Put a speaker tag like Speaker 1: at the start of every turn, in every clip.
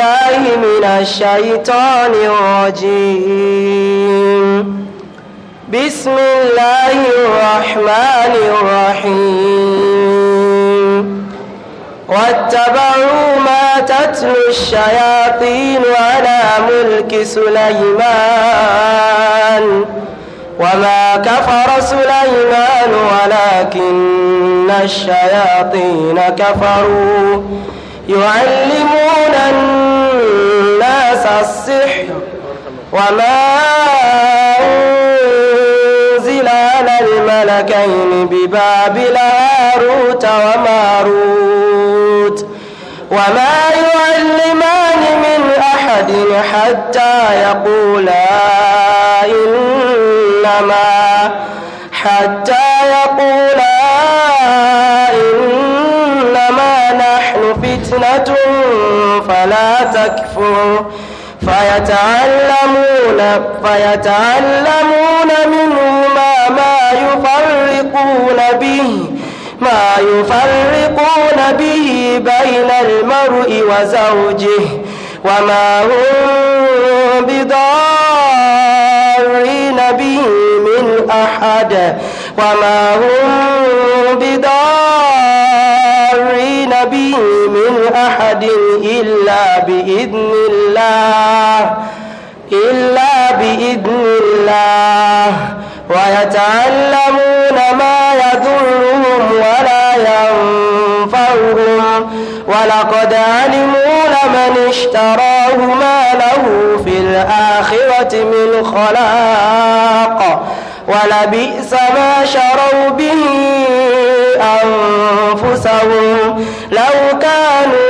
Speaker 1: بالله من الشيطان الرجيم بسم الله الرحمن الرحيم واتبعوا ما تتلو الشياطين على ملك سليمان وما كفر سليمان ولكن الشياطين كفروا يعلمون الناس السحر وما أنزل على الملكين ببابل هاروت وماروت وما يعلمان من أحد حتى يقولا إنما حتى يقولا إنما نحن فتنة فلا تكفر فيتعلمون فيتعلمون منهما ما يفرقون به ما يفرقون به بين المرء وزوجه وما هم بضارين به من أحد وما هم بضارين أحد إلا بإذن الله إلا بإذن الله ويتعلمون ما يضرهم ولا ينفعهم ولقد علموا لمن اشتراه ما له في الآخرة من خلاق ولبئس ما شروا به أنفسهم لو كانوا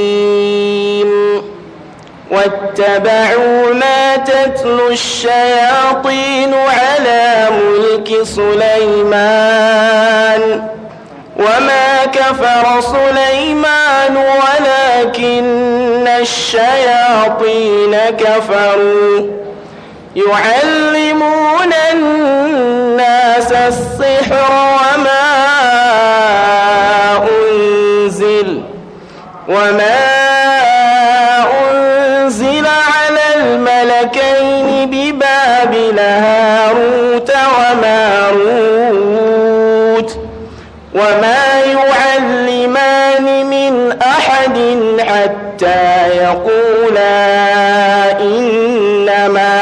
Speaker 1: واتبعوا ما تتلو الشياطين على ملك سليمان وما كفر سليمان ولكن الشياطين كفروا يعلمون الناس السحر حتى يقولا إنما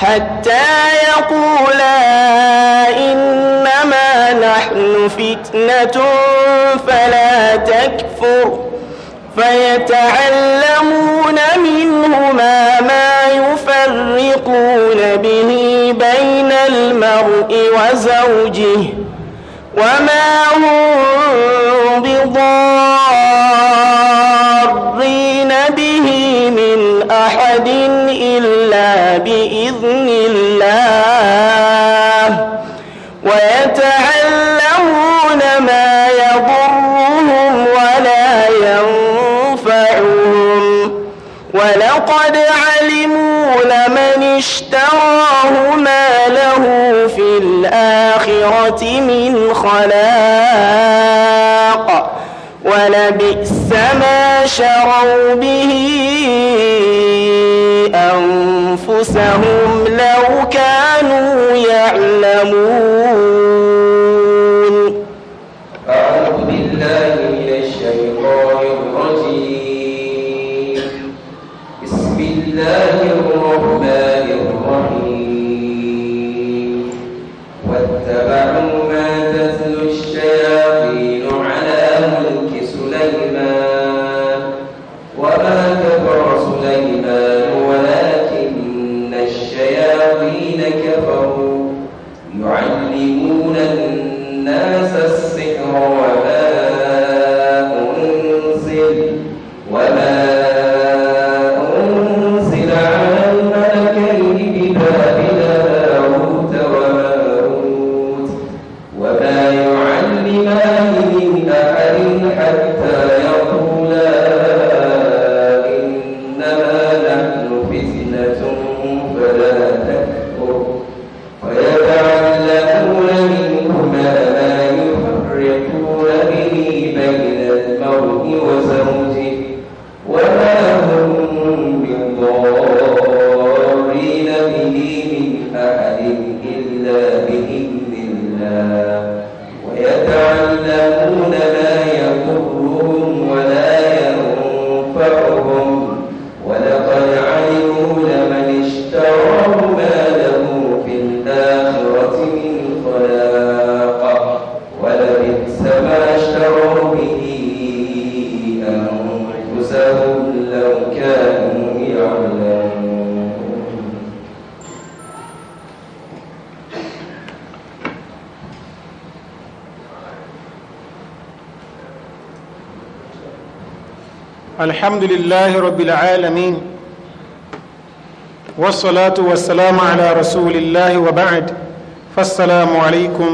Speaker 1: حتى يقولا إنما نحن فتنة فلا تكفر فيتعلمون منهما ما يفرقون به بين المرء وزوجه وما هم بضار أحد إلا بإذن الله ويتعلمون ما يضرهم ولا ينفعهم ولقد علموا لمن اشتراه ما له في الآخرة من خلاق ولبئس ما شروا به أنفسهم لو كانوا يعلمون
Speaker 2: الحمد لله رب العالمين والصلاة والسلام على رسول الله وبعد فالسلام عليكم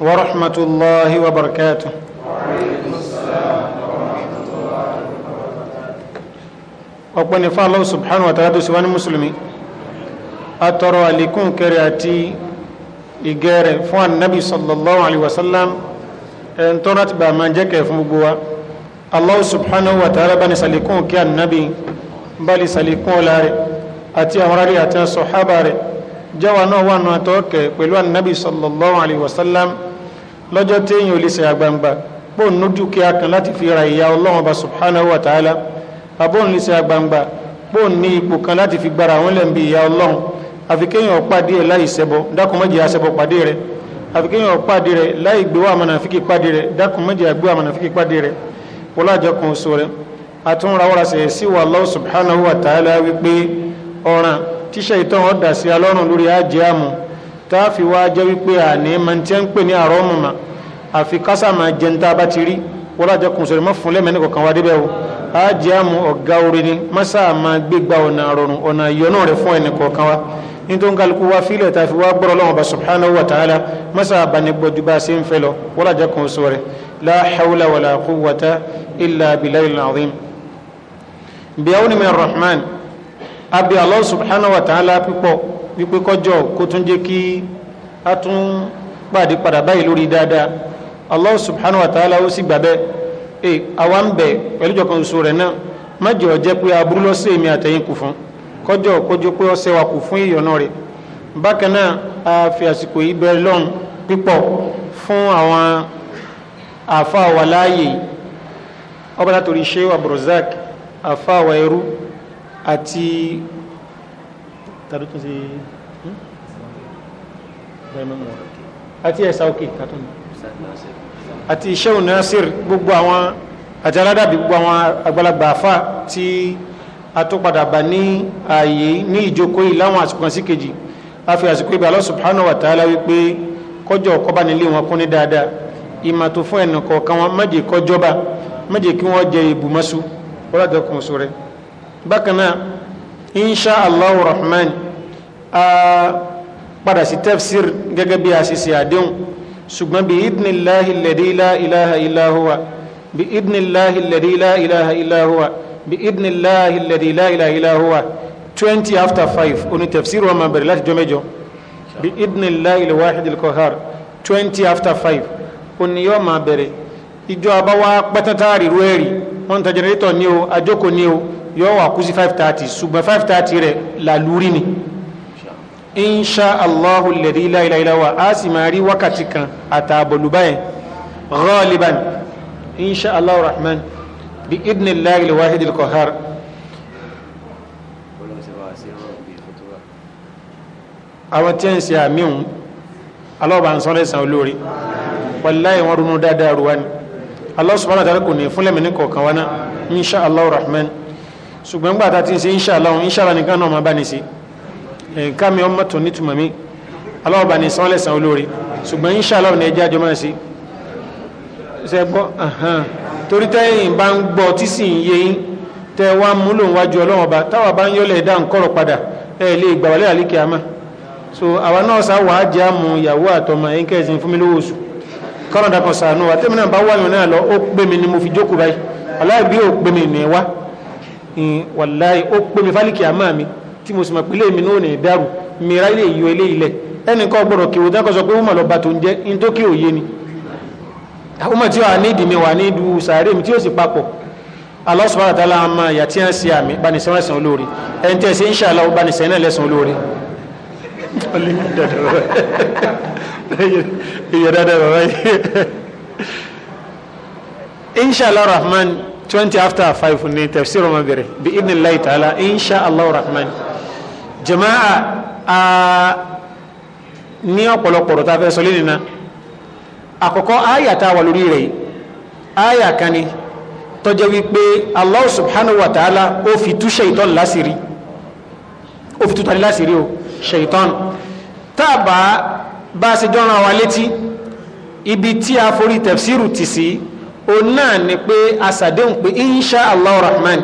Speaker 2: ورحمة الله وبركاته وعليكم السلام ورحمة الله وبركاته أقبل نفع الله سبحانه وتعالى سوان المسلمين أترى لكم كرياتي إجارة فوان النبي صلى الله عليه وسلم أن ترى تبع من جكة فمقوة allah subhanahu wa ta'ala bani salikun kí annabi bali salikun ọlá rẹ̀ àti àwọn aráàlú àti sọ̀hábà rẹ̀ jẹ́wà náà wà náà tó kẹ̀ pẹ̀lú annabi sallallahu alaihi wasallam lọ́jọ́ tí èyàn olè ṣe àgbàǹgbà bóun ní dúkìá kan láti fi ra ìyá ọlọ́run ọba subhanahu wa ta'ala abóun lè ṣe àgbàǹgbà bóun ní ipò kan láti fi gbára àwọn lẹ́m̀bí ìyá ọlọ́run àfi kéèyàn pàdé ẹ̀ láì ṣẹbọ dákùnmọ́jì àṣẹbọ pàdé rẹ̀ àfi kéèyàn pàdé rẹ̀ láì gbéwà mọ̀nàfíkì pàdé rẹ̀ dákùnmọ́jì àgbéwà mọ̀nàfíkì pàdé rẹ̀ kúlájọ kan sóre àtúnrawọ́rasẹ̀ sí wa Allah subhanahu wa ta'ala wípé ọ̀ràn tíṣẹ́ ìtàn ọ̀dà sí alọ́run lórí ajé àmú tá a fi wá jẹ́ wípé àní máa ti ń pè ní àrọ́ mọ̀mọ́ àfi kásá máa jẹun tá a bá ti rí kúlájọ kan sóre mọ́ fún lẹ́mẹ̀ẹ́ nìkan kan wá o ajé àmú ọ̀gá orin ni mọ́sá máa gbégbá ọ̀nà àrọ̀rùn ọ̀nà ìyọ́nà rẹ̀ fún ẹnì kọ̀ọ̀kan wa nítorí kálukú wá fílẹ̀ tàfi wá gbọ́rọ̀ lọ́wọ́ bá subhanahu wa ta'ala masa abanigbọ́jú bá se ń fẹ́ lọ wọ́n àjẹ́ kan sọ rẹ̀ la hawla wala quwwata illa billahil azim bi awni min rahman abi allah subhanahu wa ta'ala pípọ̀ wípé kọjọ́ kó tún jẹ́ kí a tún pàdé padà báyìí lórí dáadáa allah subhanahu wa ta'ala ó sì gbàbẹ́ e àwa ń bẹ̀ pẹ̀lú jọkan sọ rẹ̀ náà má jẹ́ ó jẹ́ pé aburú lọ́sẹ̀ mi àtẹ̀yìn kù fún un kọjọ kọjọ pé ọsẹ wa kò fún ìyọnà rẹ̀ bákan náà a fi àsìkò yìí bẹ̀rẹ̀ lọ́n pípọ̀ fún àwọn àfa wa láàyè ọba látòrí sheu abdulrasaq àfa wa ẹrú àti tàdútún sí hmm? àti ẹ̀sà òkè kàtún àti sheu nasir gbogbo àwọn àti aládàbí gbogbo àwọn àgbàlagbà àfa tí àtúpadà bá ní aye ni ìjókòó yìí láwọn àsìkò kan sí kejì a fi àsìkò ibà Allah subhanahu wa ta'ala wípé kọjọ ọkọba nílé wọn kún ní dáadáa ìmà tó fún ẹnì kọ̀ọ̀kan wọn méje kọjọba méje kí wọ́n jẹ ìbùmọ́sù ọlọ́dọ̀ kan sọ rẹ̀ bákan náà insha allahu rahman a padà sí tafsir gẹ́gẹ́ bí àṣìṣe àdéhùn ṣùgbọ́n bí idnillahi alladhi la ilaha illa huwa bí idnillahi alladhi la ilaha illa huwa بإذن الله الذي لا إله إلا هو 20 after 5 oni tafsir wa mabari láti jọmẹjọ بإذن الله الواحد القهار 20 after 5 oni yọ ma bẹ̀rẹ̀ ìjọ àbáwá pátátá ríru ẹ̀rí wọ́n ta jẹnẹrétọ̀ ní o àjókò ní o yọ wà kú sí 530 ṣùgbọ́n 530 rẹ̀ làlúrí ni insha allahu alladhi la ilaha illa huwa a sì kan àtàbọ̀lùbáyẹn ghaliban insha allahu rahman bí idni láàrin wáhídì kọ̀hár. àwọn tí ń ṣe àmìhùn aláwọ̀bá ń sọ́rọ̀ ìsàn olóore wàláyé wọn ronú dáadáa ruwa ni Allah subhanahu wa ta'ala kò ní fúnlẹ̀mí ní kọ̀ọ̀kan wa náà insha Allah rahman ṣùgbọ́n gbà tá ti ń ṣe insha Allah insha Allah nìkan náà máa bá ní sí nǹkan mi ọmọ tó nítumọ̀ mi aláwọ̀bá ní sọ́rọ̀ ìsàn olóore ṣùgbọ́n insha Allah ní ẹjẹ́ àjọ máa sí ṣe gbọ́ torí tẹ́yìn bá ń gbọ́ tí sì ń yé yín tẹ́ wá mú lòun wájú ọlọ́run ọba táwa bá ń yọ́lẹ̀ dá ńkọ́rọ̀ padà ẹ lè gbàwálẹ̀ àlíkè àmà so àwa náà sá wàá jẹ́ àmú ìyàwó àtọmọ ẹ̀yìn kẹ́sìn fún mi lówó oṣù kọ́nà dàpọ̀ sànú wa tẹ́mi náà bá wà yàn náà lọ ó pè mí ni mo fi jókòó báyìí aláì bí ó pè mí ní wá wàláì ó pè mí fálíkì àmà mi tí mo sì mọ̀ pílé mi náà ní ìdárò mìíràn ilé ìyọ ilé ilẹ̀ ẹnì kan gbọ́dọ̀ kí wo dákọ̀ sọ pé wọ́n mọ̀ lọ́ba tó ń jẹ́ ní tó òye ni ọmọ tí wà ní ìdìmí wà ní ìdú sàárè mi tí ó sì papọ̀ Allah subhanahu wa ta'ala àmà ìyà tí wọ́n ṣe àmì banisẹ́wọ́n ẹ̀sán olóore ẹni tẹ́ ṣe ń ṣàlọ́ banisẹ́ náà lẹ́sàn olóore. iye dáadáa bàbá yìí inshallah rahman twenty after five ní tafsir ọmọ bẹ̀rẹ̀ bí idhnillahi ta'ala inshallah rahman jama'a ní ọ̀pọ̀lọpọ̀ tá fẹ́ sọ lẹ́yìn náà àkọ́kọ́ àyà tá a wà lórí rẹ̀ àyà kan ni tó jẹ́ wípé Allah subhanahu wa ta'ala ó fi tú ṣèitán lásìrí ó fi tú tani lásìrí o ṣèitán tábà bá a ṣe jọ́ra wa létí ibi tí a forí tafsiru ti sí òun náà ni pé asàdéhùn pé insha Allah rahman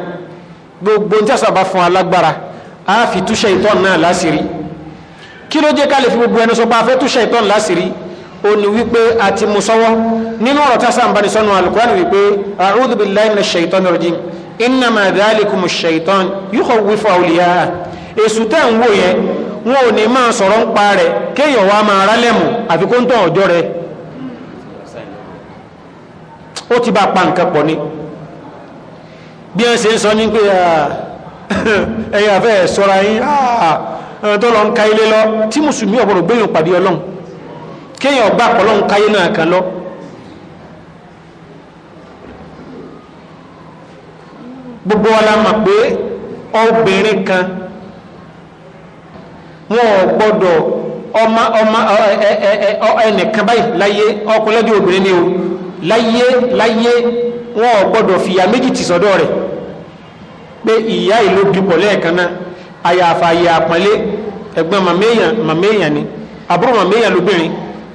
Speaker 2: gbogbo ní tẹ́sán bá fún alágbára a fi tú ṣèitán náà lásìrí kí ló jẹ́ ká lè fi gbogbo ẹnu sọ pé fẹ́ tú ṣèitán lásìrí ó ní wípé a ti mú sọ́wọ́ nínú ọ̀rọ̀ tásà ń bá ní sọ́nù alukọ́ni wípé a'udhu billahi minash shaitani rajim innama dhalikumu shaitan yukhawwifu awliyaa èsù tẹ́ ń wò yẹn wọn ò ní máa sọ̀rọ̀ ń pa rẹ̀ kéèyàn wá máa rálẹ̀ mù àfi kó ń tàn ọjọ́ rẹ̀ ó ti bá pa nǹkan pọ̀ ni bí ẹ ṣe ń sọ ní pé ah, ẹ̀yà fẹ́ sọ́ra yín ah, tó lọ ń ka ilé lọ tí mùsùlùmí ọ̀gbọ̀rọ̀ gbẹ̀yìn pàdé ọlọ́run kéèyàn gbà pọ̀lọ́ ń káyé náà kan lọ. gbogbo wa pé obìnrin kan wọn ọ gbọ́dọ̀ ọmọ ọmọ ẹnìkan báyìí láyé ọkùnrin obìnrin ni o láyé láyé wọn ọ gbọ́dọ̀ fìyà méjì tì sọ́dọ̀ rẹ̀ pé ìyá ìlú dupò lẹ́ẹ̀kan náà àyàfà àyà àpọ́nlé ẹ̀gbọ́n ni àbúrò lóbìnrin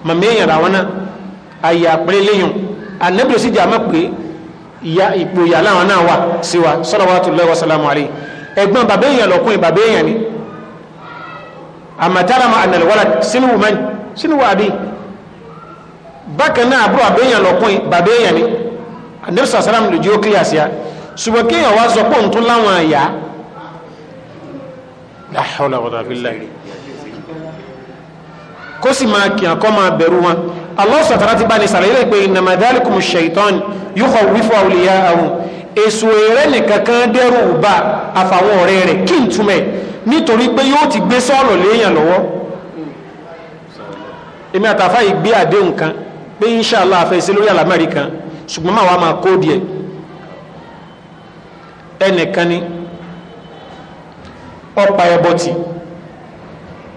Speaker 2: mọ̀mẹ́yìn ra wọn náà ayé àpẹẹrẹ lẹ́yìn ànẹ́bìrì sí jàmọ́ pé ìpòyà láwọn náà wà sí wa salawatullahi wa salamu alayhi ẹ̀gbọ́n bàbá èèyàn lọ́kùnrin bàbá èèyàn ni àmàtàràmà ànàlẹ́wàlà sínú wùmẹ́n sínú wàbí bákan náà àbúrò bàbá èèyàn lọ́kùnrin bàbá èèyàn ni ànẹ́bìrì sàlám lòdì ó kíyà sí ṣùgbọ́n kéèyàn wá sọ pé òun tún láwọn àyà la hawla wala kó sì máa kìyàn kọ́ máa bẹ̀rù wọn Allah sọ̀tara ti bá ní sàlàyé pé innama dhalikum shaitan yukhawwifu awliya'ahu èso eré nìkan kan dẹ́rù bá àfàwọn ọ̀rẹ́ rẹ̀ kí n túmẹ̀ nítorí pé yóò ti gbé sọ́ọ̀lọ̀ léèyàn lọ́wọ́ èmi àtàfà yìí àdéhùn kan pé inṣàlá àfẹsẹ̀ lórí àlámẹ́rì kan ṣùgbọ́n máa wá máa kó díẹ̀ ẹnìkan ni ọ̀pá ẹbọtì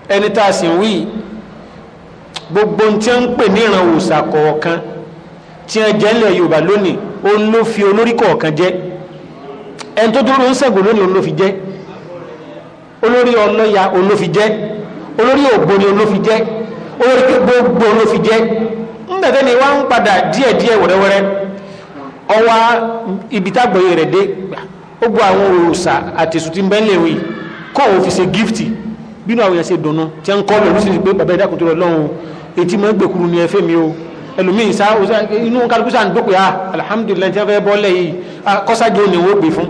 Speaker 2: ẹni tá a sì ń wí gbogbo tí wọ́n ń pè ní ìran òòsà kọ̀ọ̀kan tí wọ́n jẹ́ ńlẹ̀ Yorùbá lónìí òun ló fi olórí kọ̀ọ̀kan jẹ́ ẹni tó dúró ń sẹ̀gùn lónìí òun ló fi jẹ́ olórí ọlọ́ya òun ló fi jẹ́ olórí ògbóni òun ló fi jẹ́ olórí gbogbo òun ló fi jẹ́ ńbẹ̀fẹ́ ni wọ́n ń padà díẹ̀díẹ̀ wẹ́rẹ́wẹ́rẹ́ ọwọ́ ibi tágbọ̀yé rẹ̀ dé ó àwọn òòsà àtẹ̀sù tí ń bẹ́ńlẹ̀ kọ́ òun ṣe gífìtì bínú àwọn ṣe dùnú tí wọ́n ń kọ́ lọ́rùn sí pé bàbá ìdákùntúrọ̀ lọ́hùn eti mọ́ gbèkúrú ni ẹfẹ́ mi o ẹlòmíì sá inú kálukú sáà ń dókòó yá ah, alihamudulilayi tí wọ́n fẹ́ bọ́ lẹ́yìn ah, kọ́sájú ni wọ́n gbé fún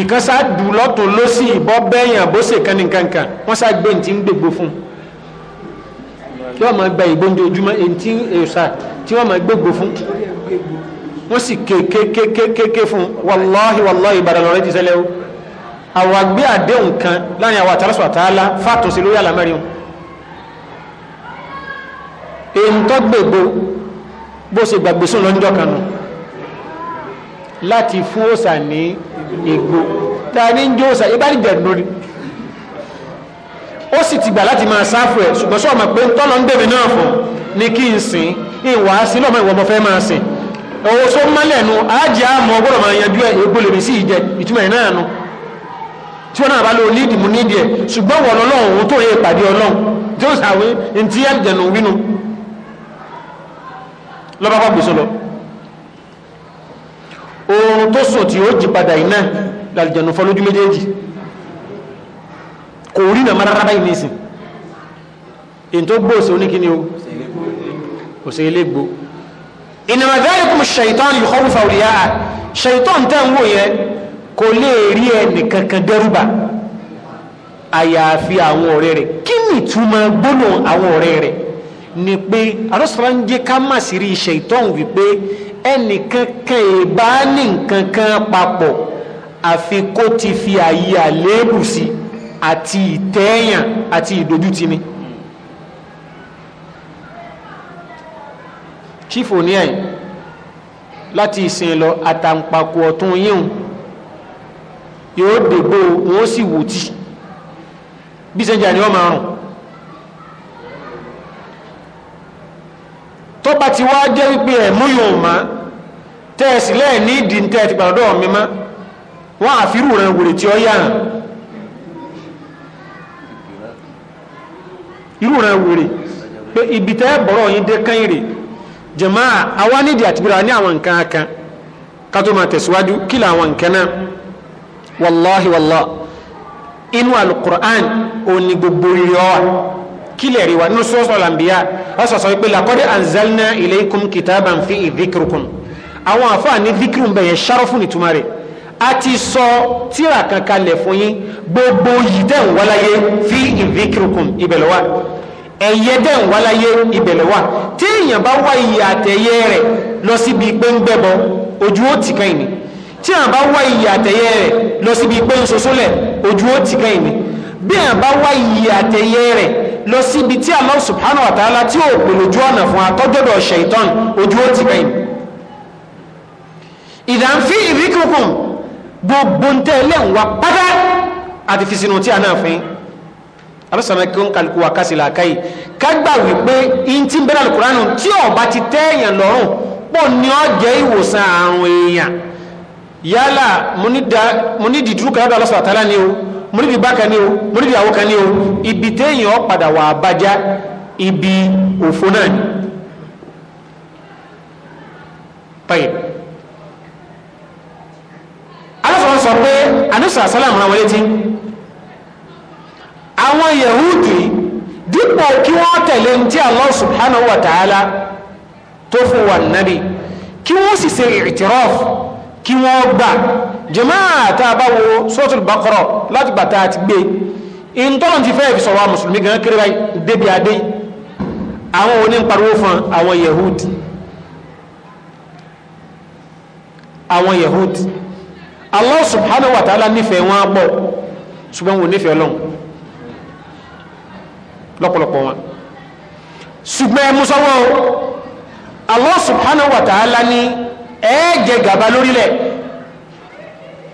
Speaker 2: ìkan sá dù lọ́tún lọ́sì bọ́ bẹ́yàn bó ṣe kan nìkankan wọ́n sá gbé ní ti ń gbègbó fún yóò máa gba ìgbóúnjẹ ojúmọ́ èyí tí èsà tí wọ́n máa gbégbó fún wọ́n sì kékékékéké fún wàláhì wàláhì ìbàdàn lọ́rẹ́ ti ṣẹlẹ̀ o àwọn àgbé àdéhùn kan láàrin àwọn àtàlásù àtàlá fàtòsí lórí àlámẹ́rin èyí tó gbègbó bó ṣe gbàgbé sùn lọ́jọ́ kan nù láti fún òsà ní ìgbó tá a ní ń jó òsà yóò bá ní jẹ̀dùn lórí ó sì ti gbà láti máa sáfù ẹ̀ ṣùgbọ́n sọ́ọ̀mà pé ń tọ́lọ ń dèmi náà fún ní kí n sìn ìwà sí lọ́mọ ìwọ̀n mo fẹ́ máa sìn owó só mọ́lẹ̀ nu ájì àmọ́ ọgbọ́dọ̀ máa yanjú ẹ̀ ègbó lèmi sí ìjẹ ìtumọ̀ ẹ̀ náà nu tí wọ́n náà bá lo nídìí mú nídìí ẹ̀ ṣùgbọ́n wọ̀ lọ́lọ́run tó yẹ ìpàdé ọlọ́run tí ó sàwé ntí ẹ̀jẹ̀ wínú lọ́bá bá gbèsò lọ oòrùn tó sùn tí ó jí padà iná làlìjànú fọ́ lójú méjèèjì kò rí nà mara rábá ìní ìsìn tó gbó òsè oníkíní o òsè ilégbó ìnàmà dáríkùn ṣèyítán yìí kọ́rù fàwùrìyà ṣèyítán tẹ́ ń wò yẹn kò lè rí ẹnì kankan dẹ́rùbà àyàfi àwọn ọ̀rẹ́ ni pé àrọ́sọ̀rọ̀ ń jẹ́ ká má sí rí iṣẹ́ ìtọ́hùn wípé ẹnìkan kan ìbá ní nǹkan kan papọ̀ àfi kó ti fi àyè àléébù sí àti ìtẹ́yàn àti ìdójútì ni. chief oníyàn láti ìsìn lọ àtàǹpàkò ọ̀tún yíhun yóò dègbò wọn ó sì wò tí bí sẹ́njà ni wọ́n máa rùn. tó bá ti wá jẹ́ wípé ẹ̀mú yóò má tẹ́ẹ̀sì lẹ́ẹ̀ ní ìdí tẹ́ẹ̀ ti gbàdọ̀ mi má wọ́n àfírù rẹ̀ wèrè tí ó yà hàn irú rẹ̀ wèrè pé ibi tẹ́ bọ̀rọ̀ yín dé kán ìrè jàmáà àwa nídìí àtibúra ní àwọn nǹkan kan ká tó máa tẹ̀síwájú kí lè àwọn nǹkan náà wàláhi wàlá inú alukur'an òní gbogbo rírọ́ wa kílẹ̀ rí wa nínú sọ́sọ́ làǹbíyà wọ́n sọ̀sọ́ wípé làkọ́dé anzalna ilaykum kitaban fi ìdíkìrùkùn àwọn àfáàní díkìrùn bẹ̀yẹn ṣárọ́fù nìtumá rẹ̀ a ti sọ tíra kan kalẹ̀ fún yín gbogbo yìí dẹ̀ ń wáláyé fi ìdíkìrùkùn ibẹ̀lẹ̀ wa ẹ̀yẹ dẹ̀ ń wáláyé ibẹ̀lẹ̀ wa tí èèyàn bá wá iye àtẹ̀yẹ rẹ̀ lọ síbi pé ń gbẹ́bọ ojú ó tì kẹ́yìn tí èèyàn bá wá iye àtẹ̀yẹ rẹ̀ lọ síbi pé ń sosólẹ̀ ojú ó tì kẹ́yìn bí èèyàn bá wá iye àtẹ̀yẹ rẹ̀ lọ síbi tí Allah subhanahu wa ta'ala tí ò pè lójú ọ̀nà fún atọ́jọ́dọ̀ ṣaitan ojú ó ti bẹ̀yìn ìdánfí ìríkùnkùn gbogbo ń tẹ́lẹ̀ ń wa pátá àti fi sínú tí a náà fín alásàmà kí ń kàlùkù wà kásìlà káyì kágbà wípé in ti bẹ́rẹ̀ alukùránù tí ọba ti tẹ́ẹ̀yàn lọ́rùn pọ̀ ní ọjẹ́ ìwòsàn àrùn èèyàn yálà mo ní dìdúrú kàlùkù alásàmà tálá ni o múrídì bákan ní o múrídì àwọn kan ní o ibi téèyàn padà wà bájá ibi òfo náà ni báyìí aláfọwọ́ sọ pé anúṣà sálàmù àwọn létí àwọn yahudi dípò kí wọ́n tẹ̀lé ní tí Allah subhanahu wa ta'ala tó fún wa nàbì kí wọ́n sì ṣe ìtìrọ́fù kí wọ́n gbà jàmáà tá a bá wo suratul Baqara láti gbà tá a ti gbé ìntọ́nà ti fẹ́ẹ̀ fi sọ̀rọ̀ mùsùlùmí gan kéré báyìí débi adé àwọn òní ń pariwo fún àwọn yehudi àwọn yehudi Allah subhanahu wa ta'ala nífẹ̀ẹ́ wọn pọ̀ ṣùgbọ́n wọn nífẹ̀ẹ́ lọ́hùn lọ́pọ̀lọpọ̀ wọn ṣùgbọ́n ẹ Allah subhanahu wa ta'ala ní ẹ jẹ gàba lórílẹ̀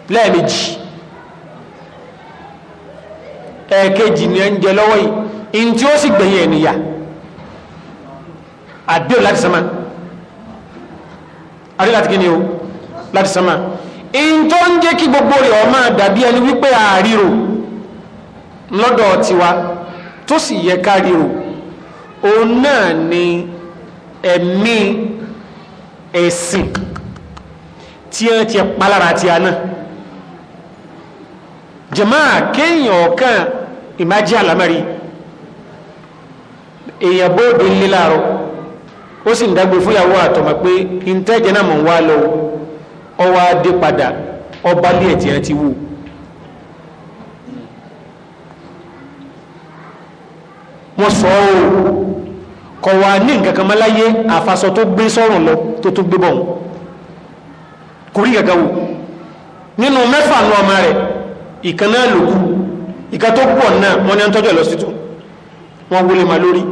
Speaker 2: lẹ́ẹ̀mejì ẹ̀ẹ̀kejì ni ẹ ń jẹ lọ́wọ́ yìí in tí ó sì gbẹ̀yìn ẹ̀nìyà àdéhùn láti sánmà àdéhùn láti kíni o láti sánmà in tó ń jẹ́ kí gbogbo rẹ̀ ọmọ dàbí ẹni wípé àríro lọ́dọ̀ tiwa tó sì yẹ káríro òun náà ni ẹ̀mí ẹ̀sìn tí ẹ ti palára ti àná jàmáà kéèyàn ọ̀kan ìmájí àlámẹ́rí èèyàn bóòdù ńlẹ́ láàárọ̀ ó sì ń dágbé fúyàwó àtọ̀mọ̀ pé ìntẹ́jẹ náà mọ̀ ń wá lọ ọwọ́ adé padà ọba lé ẹ̀tì ẹ̀ ti wù wọ́n sọ ọ́ kọ̀ ní nǹkan kan mọ́ àfàsọ tó gbé sọ́rùn lọ tó tó gbé bọ̀hún kò rí gàgà wò nínú mẹ́fà nu ọmọ rẹ̀ ìkan náà ló kú ìkan tó pọ̀ náà wọ́n ní à ń tọ́jú ẹ̀ lọ sí tù wọ́n wọlé ma lórí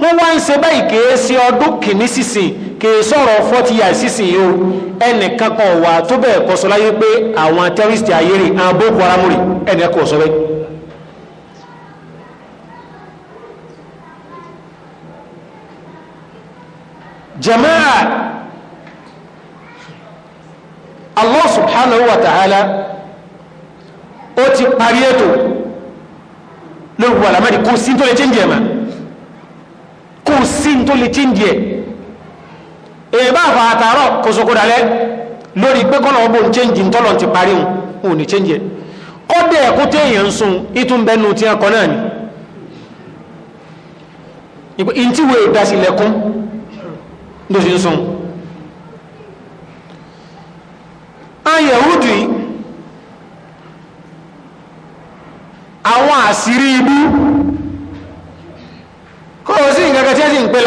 Speaker 2: wọ́n wá ń ṣe báyìí kèé sí ọdún kìíní sísìn kèé sọ̀rọ̀ fọ́tí yà sísìn yìí o ẹnìkan wà tó bẹ́ẹ̀ kọ́ sọ láyé pé àwọn terrorist ayéré àwọn boko haram rè ẹnìkan kọ́ sọ bẹ́ẹ̀. jamaa subhanahu wa ta'ala ó ti parí ètò lórí wà lámàrí kò sí tó lè change ẹ̀ mà kò sí tó lè change ẹ̀ èèbá àfà àtàrọ̀ kò sókò dalẹ̀ lórí pé kọ́nà ọgbọ̀n change tọ́lọ̀ ti parí òun òun ní change ẹ̀ kọ́dẹ̀ ẹ̀kú téèyàn ń sun ìtúnbẹ́nu tí ẹkọ náà ni ìpín ìdásílẹ̀kún ló sì ń sun àwọn yahudi àwọn àṣírí ibú kó o sí tí a ti ń pè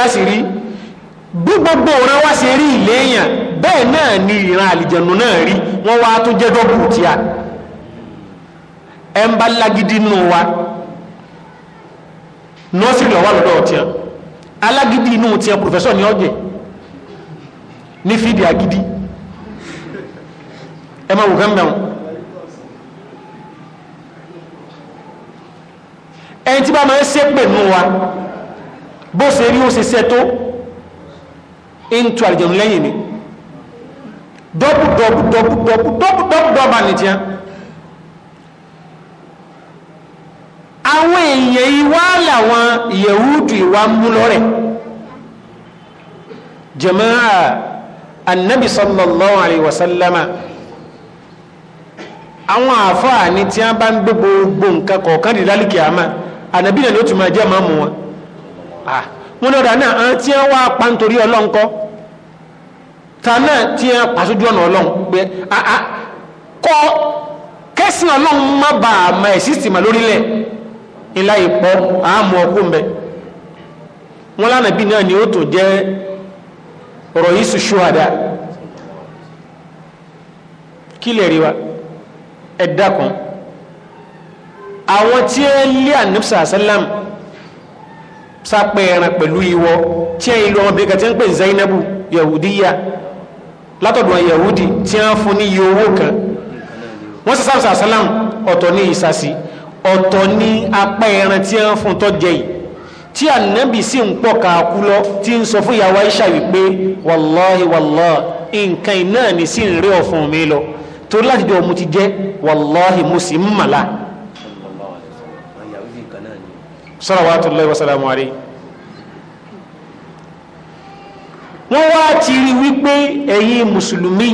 Speaker 2: bí gbogbo òran wá ṣe rí ìléèyàn bẹ́ẹ̀ náà ni ìran àlìjẹ̀nù náà rí wọ́n wá tó jẹ́ dọ́bù tí a bá lágidi nù wa ọ̀tí inú ní ọ̀jẹ̀ ní ẹ máa wò kán bẹ̀rún ẹni tí bá máa ń ṣe pè nù wa bó ṣe rí ó ṣe ṣe tó ń tu àlìjẹun lẹ́yìn ni dọ́bù dọ́bù dọ́bù dọ́bù dọ́bù dọ́bù dọ́bù ànìjẹ́ àwọn èèyàn ìwá làwọn yẹ̀wúdù ìwá mú lọ́rẹ̀ jàmáà annabi sallallahu alaihi wasallama àwọn àáfàá ni tí a bá ń gbé gbogbo nǹkan kọ̀ọ̀kan di lálìkì àmà ànàbí náà ni ó tún máa jẹ́ màmú wọn wọn lọ́dà náà àwọn tí wọ́n wá pa nítorí ọlọ́run kọ́ ta náà tí wọ́n pa sójú ọ̀nà ọlọ́run pé kọ́ kẹ́sìn ọlọ́run má ma ẹ̀sìsì mà lórílẹ̀ ńlá ìpọ́ àmú ọkú mbẹ́ wọn lánàbí náà ni ó jẹ́ ọ̀rọ̀ yìí sùn ṣúwàdà kí lè rí ẹ dákun àwọn tí ẹ lé àníbùsà sálám sápẹ́ ẹran pẹ̀lú ìwọ tí ẹ ìlú ọmọbìnrin kan tí ń pè Zainabu Yahudiya látọ̀dọ̀ Yahudi tí wọ́n fún ní iye owó kan wọ́n sì sáàmùsà sálám ọ̀tọ̀ ní ìsàsì ọ̀tọ̀ ní apá ẹran tí wọ́n fún tọ́jẹ yìí tí ànábì sì ń pọ̀ káàkú lọ tí ń sọ fún ìyàwó Aisha wípé wàláhi wàláhi nǹkan iná ni sì ń rí ọ̀fun mi lọ torí láti jọ mo ti jẹ́ wàláhì mo sì ń màlá salawatullahi wa salamu alayhi wọ́n wá ti rí wípé ẹ̀yin mùsùlùmí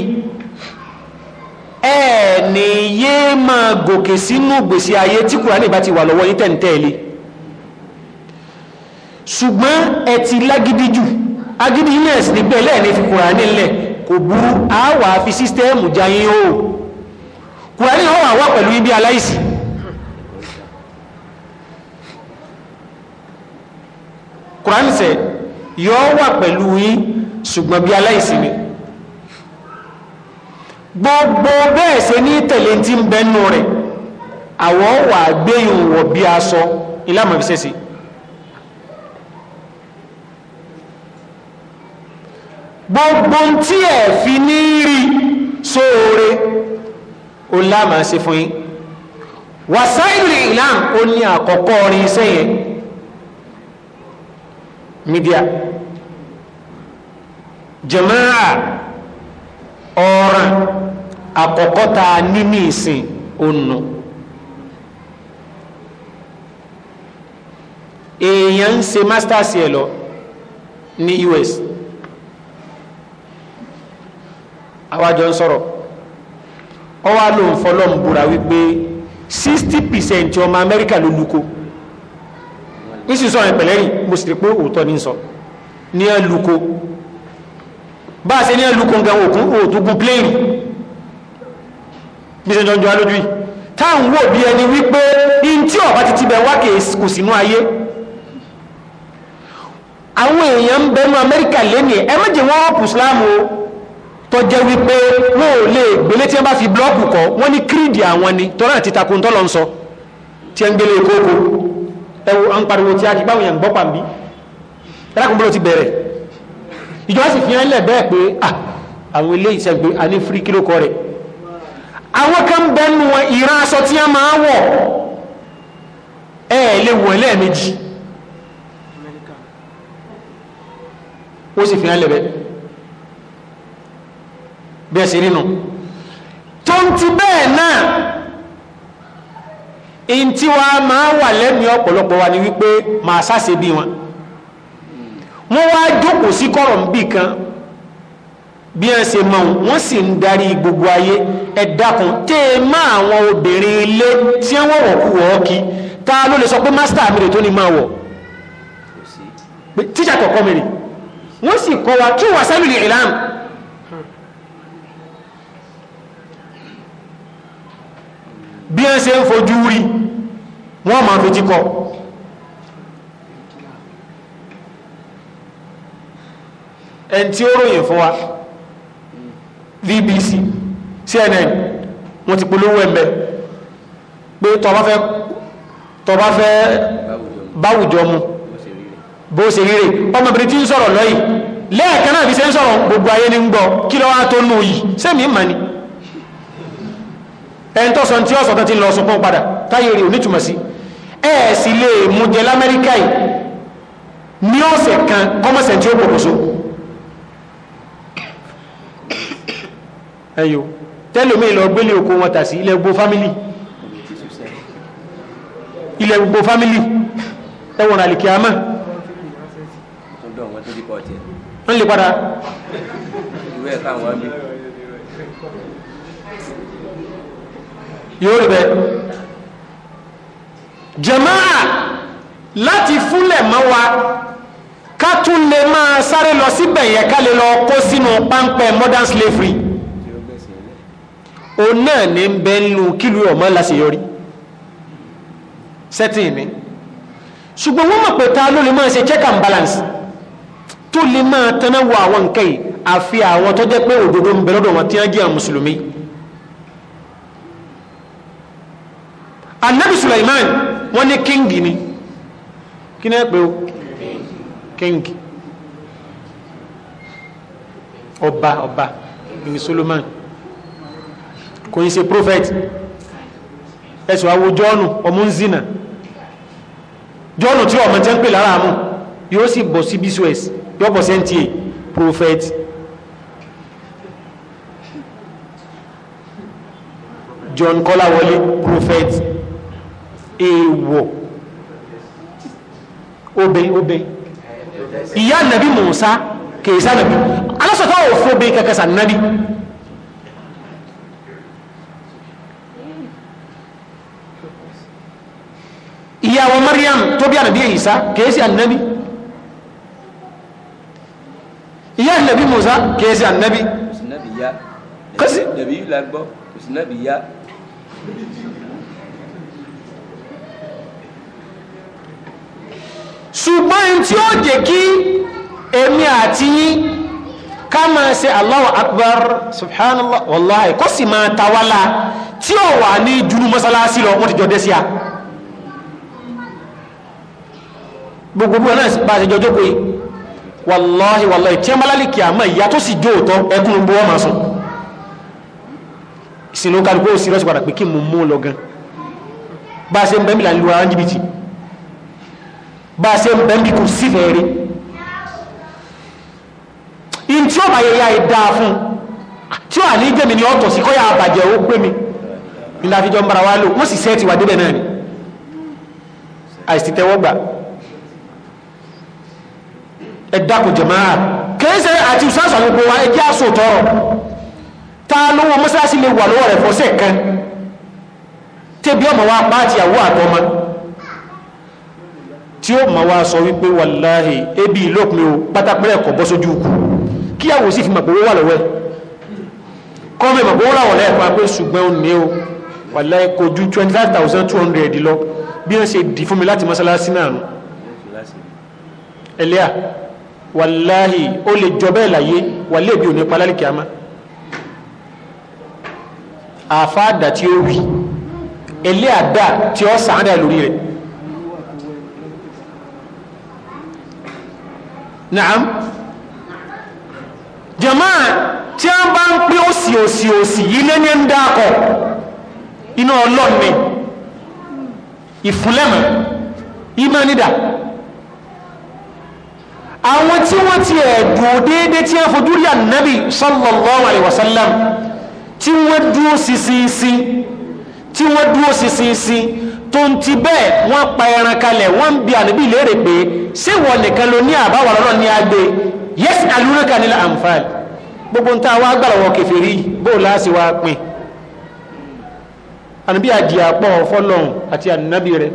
Speaker 2: ẹ̀ẹ̀ni yé máa gòkè sínú gbèsè ayé tí kùránì bá ti wà lọ́wọ́ yí tẹ̀ǹtẹ̀ẹ̀lé ṣùgbọ́n ẹ ti lágídí jù agídí ilẹ̀ ẹ̀sìn níbẹ̀ lẹ́ẹ̀ni kò burú àwà fi sístẹ́ẹ̀mù jayín o
Speaker 1: kùránì ó wà wá pẹ̀lú
Speaker 2: ibi aláìsí kùránì sẹ yọ wà pẹ̀lú yín ṣùgbọ́n bí aláìsí ni gbogbo bẹ́ẹ̀ ṣe ní tẹ̀lé tí ń bẹnu rẹ̀ àwọ̀ wà gbé ìwọ̀ bí aṣọ ìlàmọ̀ fi ṣẹ́sì gbogbo tí ẹ̀ fi ní rí sóore ó láàmà sí fún yín wàsáìlì ìlàm ó ní àkọ́kọ́ orin iṣẹ́ yẹn mídíà jẹ̀máà ọ̀ràn àkọ́kọ́ ta ní ìsìn ònà èèyàn ń ṣe masters yẹn lọ ní US àwájọ ń sọ̀rọ̀ ọwá ló ń fọlọ́m búra wípé sixty percent ọmọ amẹ́ríkà ló lukó ń sì sọ àwọn ìpẹ̀lẹ́ rìn mo sì rí pé òótọ́ ní sọ ní ẹ lukó bá a ṣe ní ẹ lukó nǹkan òkun òòtúgún pléèrì bí ṣe jọjọ alójú yìí táwọn wò bí ẹni wípé in tí ọ̀pá títí bẹ wá kò sínú ayé àwọn èèyàn ń bẹnu amẹ́ríkà lẹ́nìí ẹ méjì wọ́n wọ́pù sílámù o tọ́jẹ́ wípé wọ́n ò lè gbélé tí wọ́n bá fi blọ́ọ̀kù kọ́ wọ́n ní kírìdì àwọn ni tọ́lá àti takun tọ́lọ ń sọ tí wọ́n gbélé kókó ẹwọ à ń pariwo tí a ti báwọn yẹn ń gbọ́ pàmbí ẹlákùnbọ́lọ́ ti bẹ̀rẹ̀ ìjọba sì fi hàn lẹ̀ bẹ́ẹ̀ pé àwọn ilé ìṣẹ́ gbé a ní fírí kíló kọ́ rẹ̀ àwọn kan bẹnu wọn ìran aṣọ tí wọ́n máa wọ̀ ẹ̀ lè wọ̀ lẹ́ẹ̀mejì ó sì fi hàn lẹ̀ bẹ́ẹ̀ bẹ́ẹ̀ sí rínu tó ń ti bẹ́ẹ̀ náà in tí wa máa wà lẹ́mìí ọ̀pọ̀lọpọ̀ wa ni wípé màá sáṣe bí wọn wọ́n wá jókòó sí kọ̀rọ̀ níbì kan bí wọ́n ṣe mọ̀ wọ́n sì ń darí gbogbo ayé ẹ dákun tẹ́ ẹ má àwọn obìnrin ilé tí wọ́n wọ̀ kú wọ́ kí ta ló lè sọ pé mástà mi rè tó ní máa wọ̀ tíṣà kọ̀ọ̀kan mi rè wọ́n sì kọ́ wa kí wàá sábìlì ìlànà bí wọ́n ṣe ń fojú rí wọ́n máa fetí kọ ẹn tí ó ròyìn fún wa BBC CNN wọ́n ti polówó ẹ̀mẹ́ pé tọba fẹ́ tọba fẹ́ báwùjọ mu bó ṣe rí rẹ̀ ọmọbìnrin tí ń sọ̀rọ̀ lọ́yìn lẹ́ẹ̀kan náà bí ṣe ń sọ̀rọ̀ gbogbo ayé ní ń gbọ́ kí lọ́wọ́ tó nù yìí sẹ́mi mà ni ẹ̀ntọ́sọ tí ọ̀sọ̀ tó ti lọ sọpọ̀ padà táyé rí onítùmọ̀ sí ẹ̀ sì lè mú jẹ lamẹ́ríkà yìí ní ọ̀sẹ̀ kan kọ́mọ̀sẹ̀ tí ó pọ̀pọ̀sọ ẹ̀yọ tẹ́lómi lọ gbélé oko wọn tà sí ilẹ̀ gbogbo fámílì ilẹ̀ gbogbo fámílì ẹwọ̀n àlìkí àmọ́ wọ́n lè padà ìwé ẹ̀ka àwọn ọ̀bí yóò rí bẹ́ẹ̀ jàmáà láti fúnlẹ̀ mọ́ wa ká tún lè máa sáré lọ síbẹ̀ yẹ ká lè lọ kó sínú páńpẹ́ modern slavery òun náà ní ń bẹ́ ń lu kílù ọ̀mọ́ láṣeyọrí sẹ́tìn ni ṣùgbọ́n wọ́n mọ̀ pé ta ló lè máa ṣe check and balance tó lè máa tanáwọ àwọn nǹkan yìí àfi àwọn tó jẹ́ pé òdodo ń bẹ lọ́dọ̀ wọn tí wọ́n jẹ́ àwọn mùsùlùmí anabi Sulaiman wọ́n ní kíngì ni kí ni ẹ pé o kíngì ọba ọba ní Solomon kò ń ṣe prophet ẹ̀sùn awo jọ́ọ̀nù ọmọ ń zina jọ́ọ̀nù tí ọmọ jẹ́ ń pè lára mú yóò sì bọ̀ sí bísúẹ̀sì yóò bọ̀ sẹ́ńtì prophet John Kọ́láwọlé prophet èèwọ̀ obe obe ìyá nàbí Mùsá kèèsá nàbí alásọ̀tọ́ òfóbe kẹkẹsà nàbí ìyàwó Maryam tó bí ànàbí Ìsá kèèsí ànàbí ìyá nàbí Mùsá kèèsí ànàbí
Speaker 3: kò sí nàbí yá kò sí nàbí yá
Speaker 2: ṣùgbọ́n in tí ó jẹ́ kí èmi àti yín ká máa ṣe Allahu Akbar subhanallah wallahi kó sì máa tawala tí ó wà ní junu mọ́sálásí lọ wọ́n ti jọ dẹ́síà gbogbo bí wọn náà bá ṣe jọjọ́ pé wallahi wallahi tí wọ́n bá lálẹ́ kìámọ̀ ìyá tó sì jó òótọ́ ẹkún gbogbo wọn sùn ìsìnkú kálukú ó sì rọ́ọ̀sì padà pé kí mú mú lọ gan bá ṣe ń bẹ́ẹ̀ mi là bá a ṣe ń bẹ́ bí kò sífẹ̀ẹ́ rí in tí ó bá yẹ ya ìdá fún tí ó àní jẹ́mi ni ọ̀tọ̀ sí kọ́ ya àbàjẹ́ ó gbé mi nílá àfijọ́ ń bara wá lò wọ́n sì sẹ́ẹ̀tì wà débẹ̀ náà ni àìsí tẹ́wọ́ gbà ẹ dákun jẹ̀máà kìí ṣe àti ìsáàsà gbogbo wa ẹjẹ́ àṣò tọrọ ta lówó mọ́sáàsì lè wà lọ́wọ́ rẹ̀ fọ́sẹ̀ kan tẹ́bí ọmọ wa pàtì àwọ̀ tí ó ma wá sọ wípé wàláhì ebi ìlópin o pátápẹ́rẹ́ ẹ̀kọ́ bọ́ sójú kù kí àwò sì fi màgbówó wà lọ́wọ́ ẹ̀ kọ́mọ ìmàgbówó rà pé ṣùgbọ́n òní o wàláhì kò ju twenty five thousand two hundred lọ bí wọ́n ṣe dì fún mi láti mọ́sálásí náà nù ẹlẹ́à wàláhì ó lè jọ bẹ́ẹ̀ láyé wàlé bí òní palálì kìámá àfáàdà tí ó wí ẹlẹ́àdà tí ó sàádà naam jamaa tí a bá ń pín òsì òsì òsì yìí lé ní ń dákọ̀ iná ọlọ́ọ̀ni ìfúnlẹ̀mọ̀ ìmánidà àwọn tí wọ́n ti ẹ̀dùn déédé tí a fojú rí ànábì sallallahu alaihi wasallam tí wọ́n dúró sísinsin tí wọ́n dúró sísinsin tó ń ti bẹ́ẹ̀ wọ́n pa ẹran kalẹ̀ wọ́n ń bi ànábì léèrè pé ṣé wọ́n nìkan ló ní àbáwọ̀ lọ́nà ní agbe yẹ́sì alúnaka nílẹ̀ àǹfààní gbogbo nta wa gbàrà wọ kẹfẹ́rí bó láàṣì wa pin ànábì àdìyàpọ̀ fọlọ́hún àti ànábì rẹ̀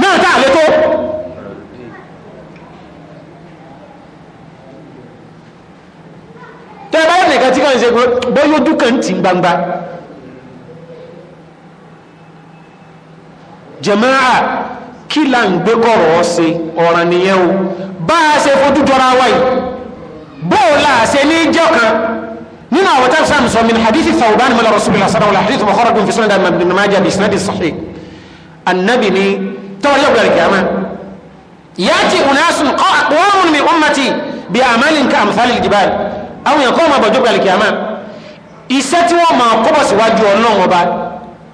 Speaker 2: náà tá àlékó tẹ́ báyọ̀ nìkan tí kàn ń ṣe bóyá ojú ń tì gbangba. jẹ̀máà kí là ń gbé kọ̀rọ̀ ọ́ ṣe ọ̀ràn nìyẹn o bá a ṣe fojú jọra wa yìí bóòlà ṣe ní jẹ́ kan nínú àwọn tàbí sáà sọ min hadithi Thawban mọ́lá rasulullah sallallahu alaihi hadith mọ̀kọ́rọ̀dún fi sọ́nà dàmà bin Majah bi isnadi sahih annabi ni tọ́lẹ̀ gbẹ̀rẹ̀ kìámà yati unasun kọ́ aqwamun min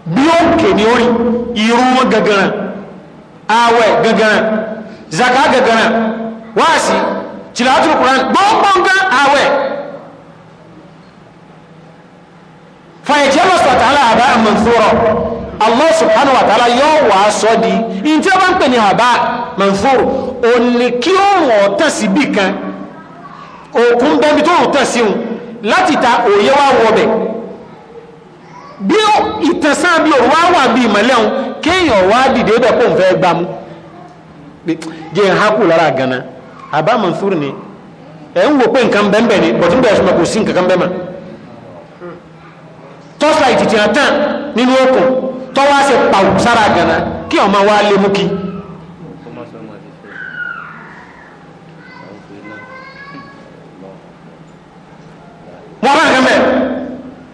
Speaker 2: bí òkè ní orí irun gẹ̀gẹ̀rẹ̀ àwẹ̀ gẹ̀gẹ̀rẹ̀ zaka gẹ̀gẹ̀rẹ̀ wáàsí tìlátùrù kùrán gbọ́ngbọ́ngán àwẹ̀ fàyẹ̀jẹ́ lọ́sọ̀ tààlà àbá manthura Allah subhanahu wa ta'ala yóò wà sọ di in tí a bá ń pè ní àbá manthura ò ní kí ó wọ̀n tẹ̀sí bì kan òkun bẹ́ẹ̀ bí tó rùn láti ta òye wá bí ìtẹ̀sán bí òun wà bí ìmọ̀lẹ́ òun kéèyàn wá dìde bẹ́ẹ̀ kó gana àbá ni ẹ̀ ń wò pé nǹkan bẹ́ẹ̀ ni bọ̀tún bẹ̀rẹ̀ sọ́mọ kò sí nǹkan bẹ́ẹ̀ tọ́sà ìtìtì nínú okùn tọ́wọ́ àṣẹ gana kí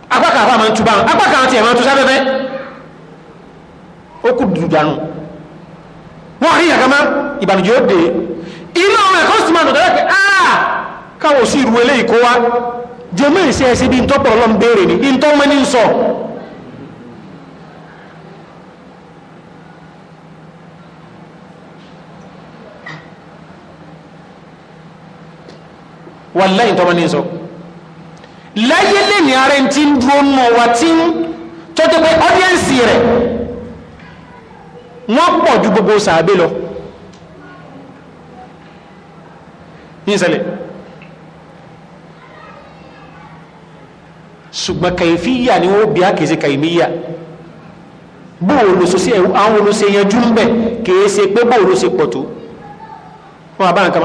Speaker 2: apákan àfa máa ń túbà apákan àti ẹ̀ máa ń tú sáfẹ́fẹ́ ó kú dùdànù wọ́n rí àgámá ìbànújẹ́ ó dé inú àwọn ẹ̀kọ́ sì máa nù tẹ́lẹ̀ pé áà ah! káwọ̀ sí ìrù eléyìí kó wá jẹ́mọ́ ìṣe ẹ̀sẹ̀ bí ntọ́pọ̀ ọlọ́m béèrè ni ntọ́ mẹ́ni ń láyé lè ní ara tí ń dúró nù wá tí ń tó tó pé ọ́díẹ̀nsì rẹ̀ wọ́n pọ̀ ju gbogbo sàábé lọ ní ṣùgbọ́n kàìfíyà ni wọ́n bí ákèsí kàìmíyà bóòlù sí àwọn olóṣe yanjú ń bẹ̀ kìí ṣe pé bóòlù sí pọ̀ tó wọ́n àbá nǹkan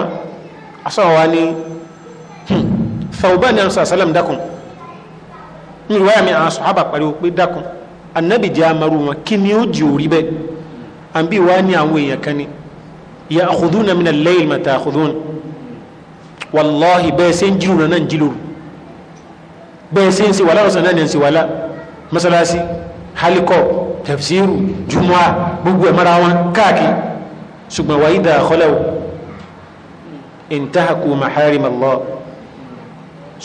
Speaker 2: Thawban ní àwọn sàlám dákun ní ìwáyà mi àwọn sọ̀hábà pariwo pé dákun anabi jẹ́ amaru wọn kí ni ó jì òrí bẹ́ẹ̀ àbí wàá ní àwọn èèyàn kan ni ya'khudhuna min al-layl ma ta'khudhun wàláhi bẹ́ẹ̀ ṣe ń jíròrò náà ń jíròrò bẹ́ẹ̀ ṣe ń ṣe wàlá ọ̀sán náà ń ṣe wàlá mọ́sálásí halikọ́ tafsiru jumua gbogbo ẹ̀ wọn káàkiri ṣùgbọ́n wa idha khalaw intahaku maharim Allah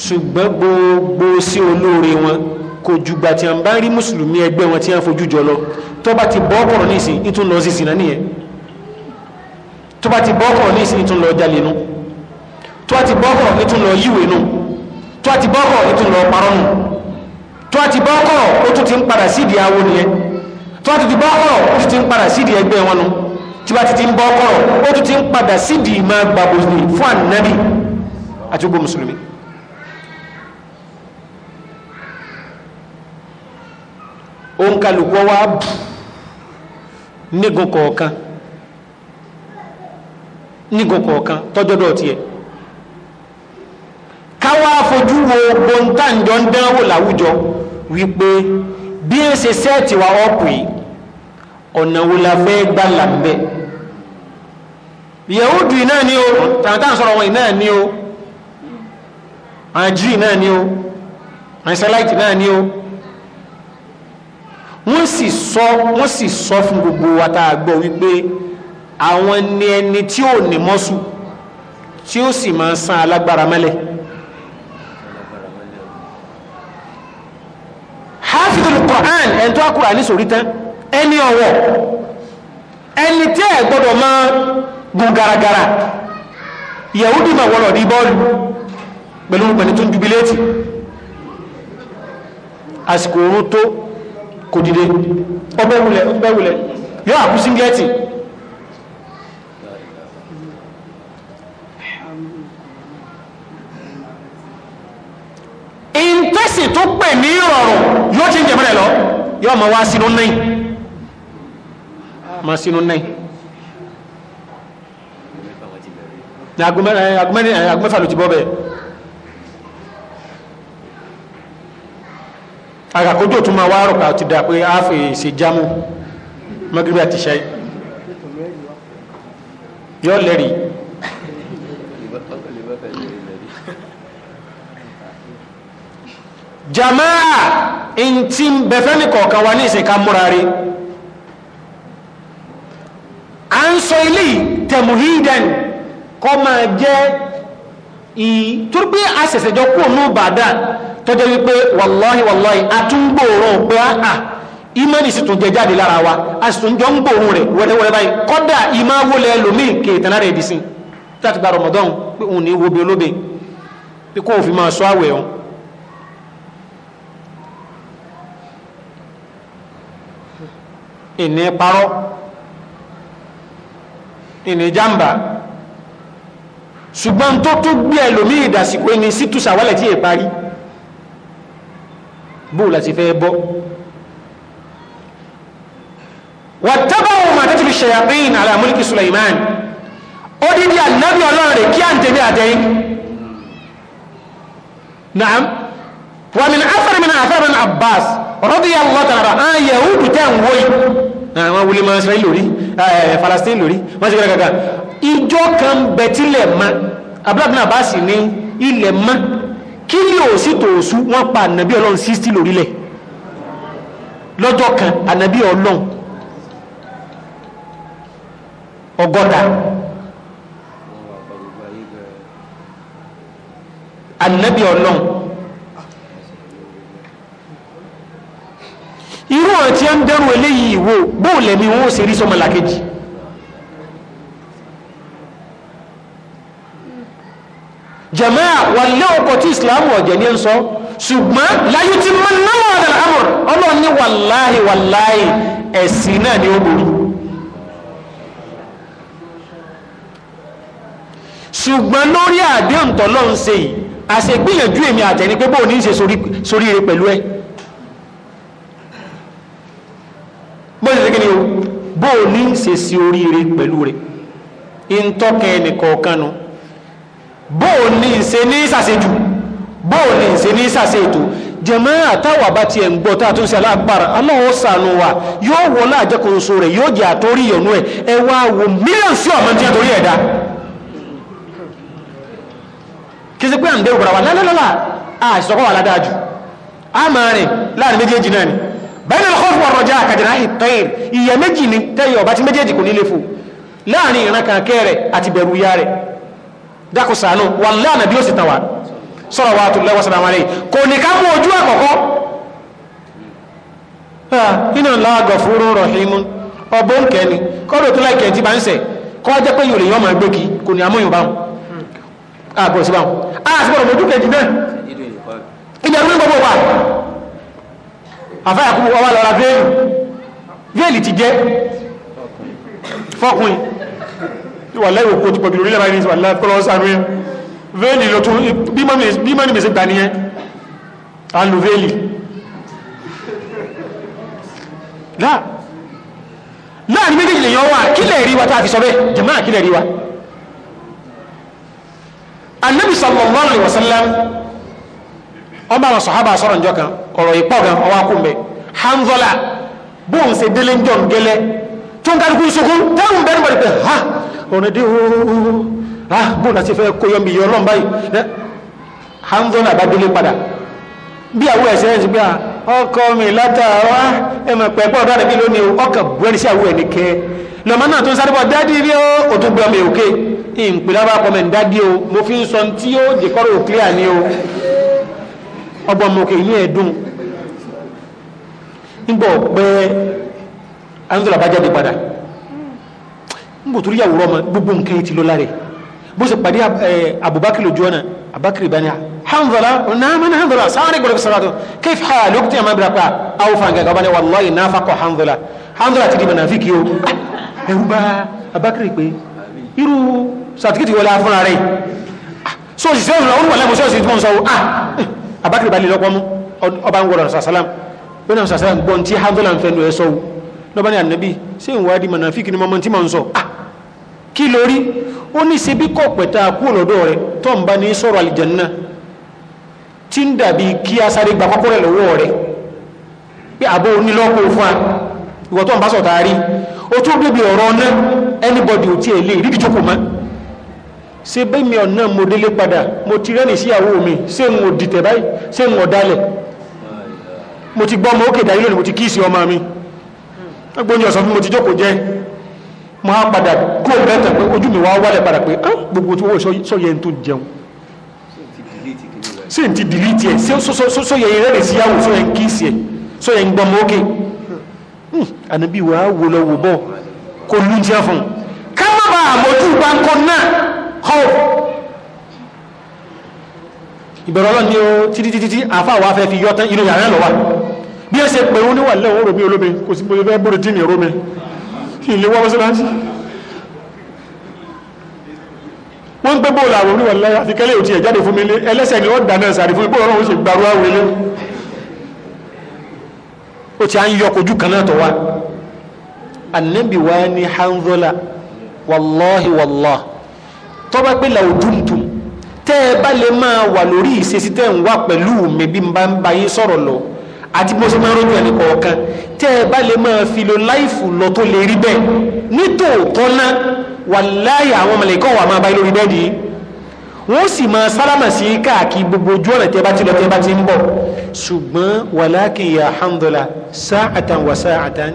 Speaker 2: ṣùgbọ́n gbogbo sí olóore wọn kò jùgbà tí a ń bá rí mùsùlùmí ẹgbẹ́ wọn tí a ń fojú jọ lọ tó bá ti bọ́ ọkọ̀rọ̀ nísìn ìtún lọ sí ìsìnà nìyẹn tó bá ti bọ́ ọkọ̀rọ̀ nísìn ìtún lọ jalè nù tó bá ti bọ́ ọkọ̀rọ̀ ìtún lọ yíwèé nù tó bá ti bọ́ ọkọ̀rọ̀ ìtún lọ parọ́ nù tó bá ti bọ́ ọkọ̀rọ̀ ó tún ti ń padà sídìí awo nìyẹn tó bá ti bọ́ ọkọ̀rọ̀ ó tún ti ń padà sídìí ẹgbẹ́ wọn nù tí bá ti ti ń bọ́ ọkọ̀rọ̀ ó tún ti ń padà sídìí máa gbàgbọ́ fún òǹkàlùkọ́ wa bù nígun kọ̀ọ̀kan nígun kọ̀ọ̀kan tọ́jọ́dọ̀ tiẹ̀ káwá fojú wo gbóǹtàǹjọ́ ń dánwò láwùjọ wípé bí ẹ ṣe sẹ́ẹ̀tì wa ọ̀pù yìí ọ̀nà wo la fẹ́ gbà làǹbẹ̀ yẹ̀wùdù iná ni o tàǹtà sọ̀rọ̀ wọn iná ni o àjírí náà ni o àìsàláìtì náà ni o wọ́n sì sọ wọ́n sì sọ fún gbogbo wa tá a gbọ́ wípé àwọn ni ẹni tí ò ní mọ́sù tí ó sì máa san alágbára mẹ́lẹ̀ hafidul Qur'an ẹni tó akura ní sòrí tán ẹni ọ̀wọ̀ ẹni tí ẹ gbọ́dọ̀ máa gun garagara yahudi ma wọlọ̀ ní bọ́ọ̀lù pẹ̀lú pẹ̀lú tó ń jubiléètì àsìkò orun tó kò dìde ọbẹ̀wulẹ̀ ọbẹ̀wulẹ̀ yóò àkú síngẹ́ẹ̀tì ìntẹ́sì tó pè ní ìrọ̀rùn yóò ti ń jẹ̀mọ́lẹ̀ lọ yóò ma wá sínú náà ma sínú náà ní agbẹ́fà ló ti bọ́ bẹ́ẹ̀ àkàkójò tó máa wá rọ̀kà ti dà pé a fè se jamu
Speaker 3: mọ́gírí àti ṣáì
Speaker 2: Yo lẹ́rì jamaa ntí bẹ̀fẹ́ni kọ̀ọ̀kan wa ní ìsìnká múra rí à ń sọ ilé tẹ̀mùhídẹ́n kọ́ máa jẹ́ ìtúrúgbé àṣẹ̀ṣẹ̀jọ kúrò ní Ìbàdàn tọ́jọ́ wípé wàláhì wàláhì àtúngbòòrùn pé àà ah, ah, ìmọ̀nì sì tún jẹ jáde lára wa a sì tún jọ ń gbòòrùn rẹ̀ wẹ́rẹ́wẹ́rẹ́ báyìí kọ́dà ìmọ̀ wọlé ẹlòmíì kèétan lára ẹ̀dì sí láti gba rọmọdán pé òun ní wo bí olóbe pé kó òfin máa sọ àwẹ̀ ọ̀hún ìní parọ́ ìní jàmbá ṣùgbọ́n tó tún gbé ẹlòmíì ìdásí pé ní sítúsàwálẹ̀ tí è parí bóò láti fẹ́ bọ́ wàtábàwò màtàtì fi ṣayatin ala mulki Sulaiman ó dídí ànábì ọlọ́run rẹ̀ kí à ń tẹ̀lé àtẹ́yìn naam wà mí afẹ́rẹ́ mi náà afẹ́rẹ́ mi Abbas radiyallahu ta'ala á yahudu tẹ́ ń wọ́yì àwọn wuli ma Israel lórí eh, Palestine lórí wọ́n ti gbẹ́rẹ́ kankan ìjọ kan bẹ̀tílẹ̀ ma abúlábìnrin Abbas ní ilẹ̀ ma kí ni ò sí tòòsú wọ́n pa ànàbí ọlọ́run 60 lórílẹ̀ lọ́jọ́ kan ànàbí ọlọ́run ọgọ́ta ànàbí ọlọ́run irú ọ̀rẹ́ tí a ń dẹ́rù eléyìí ìwò bóòlẹ̀mí wọn ó ṣe rí sọmọlàkejì jama'a wàlẹ́ ọkọ̀ tí islamu ọ̀jẹ̀ ní ń sọ ṣùgbọ́n láyé tí mọ́ náà ọ̀dà àmọ̀ ọlọ́run ní wàláhì wàláhì ẹ̀sìn náà ni ó borí ṣùgbọ́n lórí àdéhùn tọ́lọ́run ṣe yìí àṣegbìyànjú èmi àtẹni pé bóò ní ṣe sórí rẹ pẹ̀lú ẹ bóò ní ṣe kí ni o bóò ní ṣe sí oríire pẹ̀lú rẹ ìntọ́kẹ́ ẹnìkọ̀ọ̀kan nu no bóò ní ìse ní ìsàsejù bóò ìse ní ìsàsejù jẹmọ́ àtàwà bá ti ń gbọ́ alágbára aláwọ̀ yọọ wa yóò wọ náà jẹ́kọ̀ọ́sọ rẹ̀ yóò jẹ́ àtórí ìyọ̀nú ẹ̀ ẹ wo mílíọ̀n sí ọ̀mọ́ tí a torí ẹ̀dá kí sí pé òkúra a máa rìn láàrin méjèèjì náà ni fún ọ̀rọ̀ jẹ́ ìtọ́yìn méjì ni ọba tí méjèèjì kò nílé láàrin dákò sànú wà lánà bí ó sì tàwà sọ́rọ̀ wà tó lẹ́wọ́ sànà wàlẹ́ kò ní ká mú ojú àkọ́kọ́ iná láàgọ̀ fúrú rọ̀hìmú ọbọ̀ ń kẹ́ni kọ́dọ̀ tó láìkẹ́ tí bá ń sẹ̀ kọ́ jẹ́ pé yòlè yọ́mọ̀ ẹgbẹ́ kí kò ní amóyùn báwọn àgbọ̀ sí ti wà láì òkú ti pọ̀jù lórílẹ̀ báyìí wà láì kọ́lọ́ sànú yẹn veil ló tún bí mọ́ni bèsè gbà nìyẹn à ń lo veil náà láàrin méjèèjì lèyàn wà kílẹ̀ rí wa tá a fi sọ bẹ́ẹ̀ jẹ̀mọ́ kílẹ̀ rí wa annabi sallallahu alaihi wasallam ọba àwọn sọ̀hábà sọ̀rọ̀ njọ́ kan ọ̀rọ̀ ìpọ̀ gan ọwọ́ akúmbẹ̀ hanzola bóun ṣe délé njọ́ ngẹlẹ́ tó ń kálukú sókún tẹ́wọ̀n bẹ́ẹ̀ ni wọ́n ti ha ọ̀nà dé ooo ah bó na ti fẹ́ kó yọmi yọ ọlọ́run báyìí hanzona bá délé padà bí àwọ ẹ̀sẹ̀ ẹ̀ ti gbé ah, ọkọ mi látàwá ah, ẹ̀mọ̀ pẹ̀pọ̀ ọ̀dọ́ àdébí lónìí o ọkọ̀ búrẹ́dì sí àwọ ẹ̀ nìkẹ́ lọ́mọ náà tó ń sáré bọ̀ dádì rí o ò tún gbé ọmọ èòkè ìpìlára kọ́mẹ̀ ń dádì o mo fi ń sọ tí ó dè kọ́rọ̀ ò clear o ọgbọ́n mo kè ní ẹ̀dùn ń bọ̀ pé hanzona bá jáde padà nbò torí yàwòrán ọmọ gbogbo nǹkan yìí ti lọ lára ẹ bó ṣe pàdé abubakar ojú ọ̀nà abakar bani hanzala naamani hanzala sanni gbọdọ sọ̀rọ̀ àtọ kéfì ha lókùtì àmà bìrà pa awo fanga gaba ni wàllayi n'afa kọ hanzala hanzala ti di mànàfíkì o ah, ẹrú bá abakar pé irú sàtìkìtì wọlé afúnra rẹ ah, sọ́ọ̀sì sẹ́wọ̀n náà olùwàlẹ́ mọ̀ sọ́ọ̀sì tí wọ́n sọ ah abakar balẹ̀ lọ́pọ̀ mú ọba ń gbọ́dọ̀ sàsálàm bẹ́ẹ̀ náà sàsálàm gbọ́n hanzala ń fẹ́ nu ẹ̀ sọ́wọ́ lọ́ba ní ànábì sẹ́wọ̀n wá ni mọ́mọ́ tí ah kí lórí ó ní ṣe bí kọ̀ pẹ̀ta kú lọ́dọ̀ rẹ̀ tó ń bá ní sọ̀rọ̀ àlìjẹ̀nà tí ń dàbí kí a sáré gba kọ́kọ́ rẹ̀ lọ́wọ́ rẹ̀ pé àbọ̀ onílọ́pọ̀ fún a ìwọ̀ tó ń bá sọ̀tà rí o tó débi ọ̀rọ̀ ọ̀nà anybody ò tí ẹ̀ lè rí ìjókòó mọ́ ṣe bẹ́ẹ̀ mi ọ̀nà mo délé padà mo ti rẹ́ni síyàwó mi ṣé n ò dìtẹ̀ báyìí ṣé n ò dalẹ̀ mo ti gbọ́ ọmọ òkè dáyé lónìí mo ti kíìsì ọmọ mi gbóyè ọ̀sán fún mo ti jókòó jẹ́ mo á padà kó mẹ́ta pé ojú mi wá wálẹ̀ padà pé á gbogbo tí owó sọ́yẹ tó jẹun sí ti dìlítì ẹ̀ sọ́yẹ rẹ̀ sí yàwó sọ́yẹ ń kíìsì ẹ̀ sọ́yẹ ń gbọmọ ókè ànábì wà á wò lọ wò bọ́ kó lú jẹ́ fún
Speaker 1: ká má ba àmójú gbáǹkọ náà
Speaker 2: họ́ ìbẹ̀rẹ̀ ọlọ́ni ó títítítí àfáà wá fẹ́ fi yọ́tán inú yàrá lọ wà bí ẹ ṣe pẹ̀rún níwà lẹ́wọ̀n rò bí olómi kò sí mo fẹ́ bóre dí mi rómi kí n lè wá wọ́n ń pẹ́ bóòlù àwọn oníwà láyà àti òtí ẹ̀ jáde fún mi lé ẹlẹ́sẹ̀ ni wọ́n dáná sàrí fún bóòlù ọ̀hún ṣe gbarú àwọn ilé ó ti à ń yọ kojú kan náà wá wa ni hanzola wàlọ́hì wàlọ́ tọ́ba pé tẹ́ ẹ bá lè máa wà lórí ìṣesí tẹ́ ń wá pẹ̀lú mi bí n àti bó ṣe máa rójú ẹni kọ̀ọ̀kan tẹ́ ẹ bá lè máa fi lo láìfù lọ tó lè rí bẹ́ẹ̀ nítòótọ́ náà wàláyà àwọn mọ̀lẹ́kọ̀ wà máa bá lórí bẹ́ẹ̀ dì í wọ́n sì máa sálámà sí káàkiri gbogbo ojú ọ̀nà tẹ́ bá ti lọ tẹ́ bá ti ń bọ̀ ṣùgbọ́n wà sáàtàn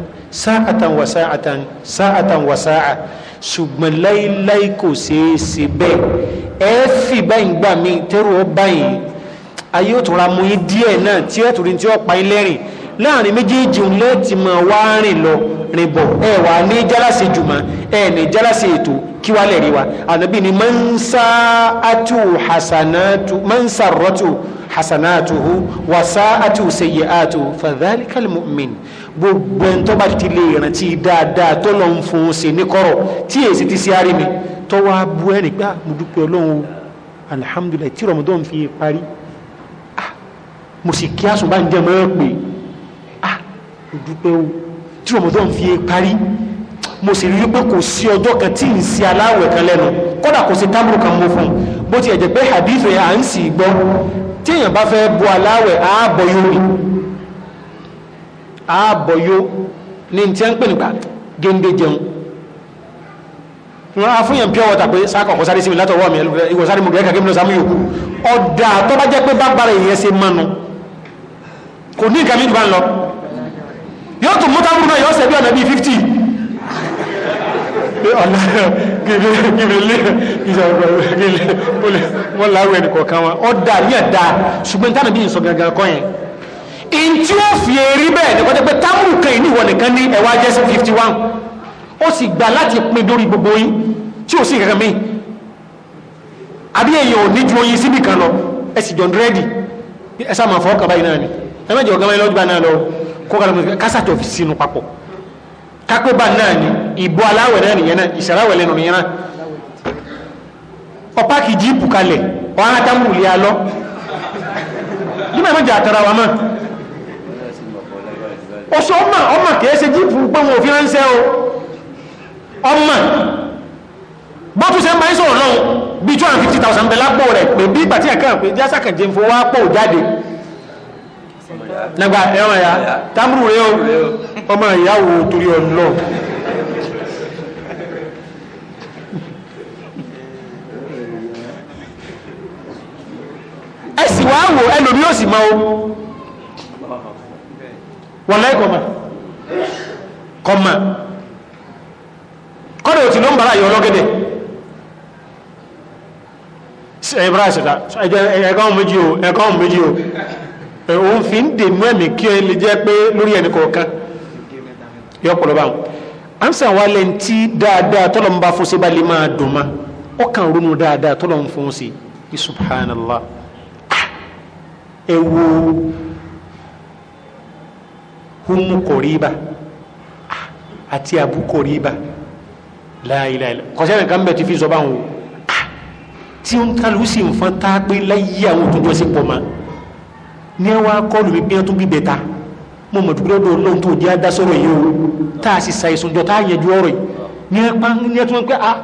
Speaker 2: ayé òtún ra mu yín díẹ̀ náà tí ẹ̀ tùrí tí ó pa yín láàrin méjèèjì ń lẹ́ẹ̀tì mọ̀ wá rìn lọ rìn bọ̀ ẹ wà ní jálàsì jùmọ̀ ẹ ní jálàsì ètò kí wàá lẹ̀ wa ànábì ni mọ́nsá àtù hasanatu mọ́nsá rọ́tù hasanatu hu wàsá àtù sẹ̀yẹ̀ àtù gbogbo ẹni tó bá ti lè rántí dáadáa tó lọ ń fún un sí ní kọ́rọ̀ tí èsì ti sí àrí mi tó wàá bu ẹnì gbà ah, mo ọlọ́run alhamdulilayi tí rọmọdún fi parí mo sì kí àsùnbà ń jẹ mọ́ ẹ pé ah òdúpẹ́ o tí rọmọdún fi parí mo sì rí pé kò sí ọjọ́ kan tí ń ṣe aláwẹ̀ kan lẹ́nu kódà kò sí tábìlì kan mú fún un bó ti ẹ̀jẹ̀ pé hadith yẹn à ń sì gbọ́ tí èèyàn bá fẹ́ bu aláwẹ̀ ààbọ̀ yóò rí ààbọ̀ yóò ní tí ń pè nípa géńdé jẹun wọn a fún yẹn pure water pé sákọ̀kọ́ sáré sí mi látọwọ́ mi ìwọ̀sáré mo gẹ̀ẹ́kà kí mi lọ sámú yòókù ọ̀dà tó bá jẹ́ pé bá bára ìyẹn ṣe mánu kò ní nǹkan mìíràn lọ yóò tún mútàbùrù náà yóò sẹ́bí ọ̀nà bíi fifty ọ̀nà gìrìlẹ̀ ìjọba wọn láwẹ̀ nìkọ̀ọ̀kan wọn ọ dà ní ẹ̀dá ṣùgbọ́n tánà bí ìsọ gangan kọ́ yẹn in tí ó fi èrí bẹ́ẹ̀ ní wọ́n tẹ́ pé táwùrù kan ìní ìwọ̀n nìkan ní ẹ̀wà jẹ́ sí fifty one ó sì gbà láti pin dórí gbogbo yín tí ò sí kankan míì àbí èèyàn ò ní ju oyin síbì kan lọ ẹ sì jọ ń dírẹ́dì ẹ sá ẹ mẹ́jọ ọ̀gá mẹ́lọ́gbà náà lọ kọ́kànlá mọ́sí kásàtọ̀ fi sínú papọ̀ kápẹ́bà náà ni ìbò aláwẹ̀ náà nìyẹn náà ìṣàláwẹ̀ lẹ́nu nìyẹn náà ọ̀pá kì í jíìpù kalẹ̀ ọ̀hán atámùlé alọ́ nígbà mẹ́jọ àtàrà wa mọ́ oṣù ọmọ ọmọ kìí ṣe jíìpù pé wọn ò fi ránṣẹ́ o ọmọ bọ́tù ṣe ń bá sọ̀rọ̀ náà bíi two hundred fifty rẹ̀ pé bí ìgbà tí ẹ̀ka pé ń fowó wá jáde nàgbà ẹ̀wọ̀n ya tábùrù rẹ o ọmọ ìyàwó torí ọlọ. ẹ sì wá wò ẹlòmí ó sì máa o wọ́n láì kọ́mà kọ́mà kọ́dọ̀ òtí ló ń bára yọ ọlọ́gẹ́dẹ̀ ẹ̀bùrá ìṣẹ̀dá ẹ̀kọ́ méjì o ẹ̀kọ́ méjì o òun fi ń dènú ẹ̀mí kí ẹ lè jẹ́ pé lórí ẹnì kọ̀ọ̀kan yọ báwọn à ń lẹ́yìn tí dáadáa tọ́lọ̀ ń bá fún sí balẹ̀ máa dùn ma ó kàn ronú dáadáa tọ́lọ̀ ń fún sí i subhanallah ah! ẹ wo humu kọ̀ríba ah! àti abu kọ̀ríba nìkan bẹ̀ ti fi sọ báwọn ah! tí ń kálù sí tá a pé láyé àwọn jọ sí ní ẹ wá kọlù mi pé ẹ tún bí bẹta mo mọ̀ dúpẹ́ lọ́dọ̀ ọlọ́run tó di adá sọ̀rọ̀ yìí o tá a sì sa èso jọ tá a yẹjú ọ̀rọ̀ yìí ní ẹ pa ní ẹ tún pé a ah,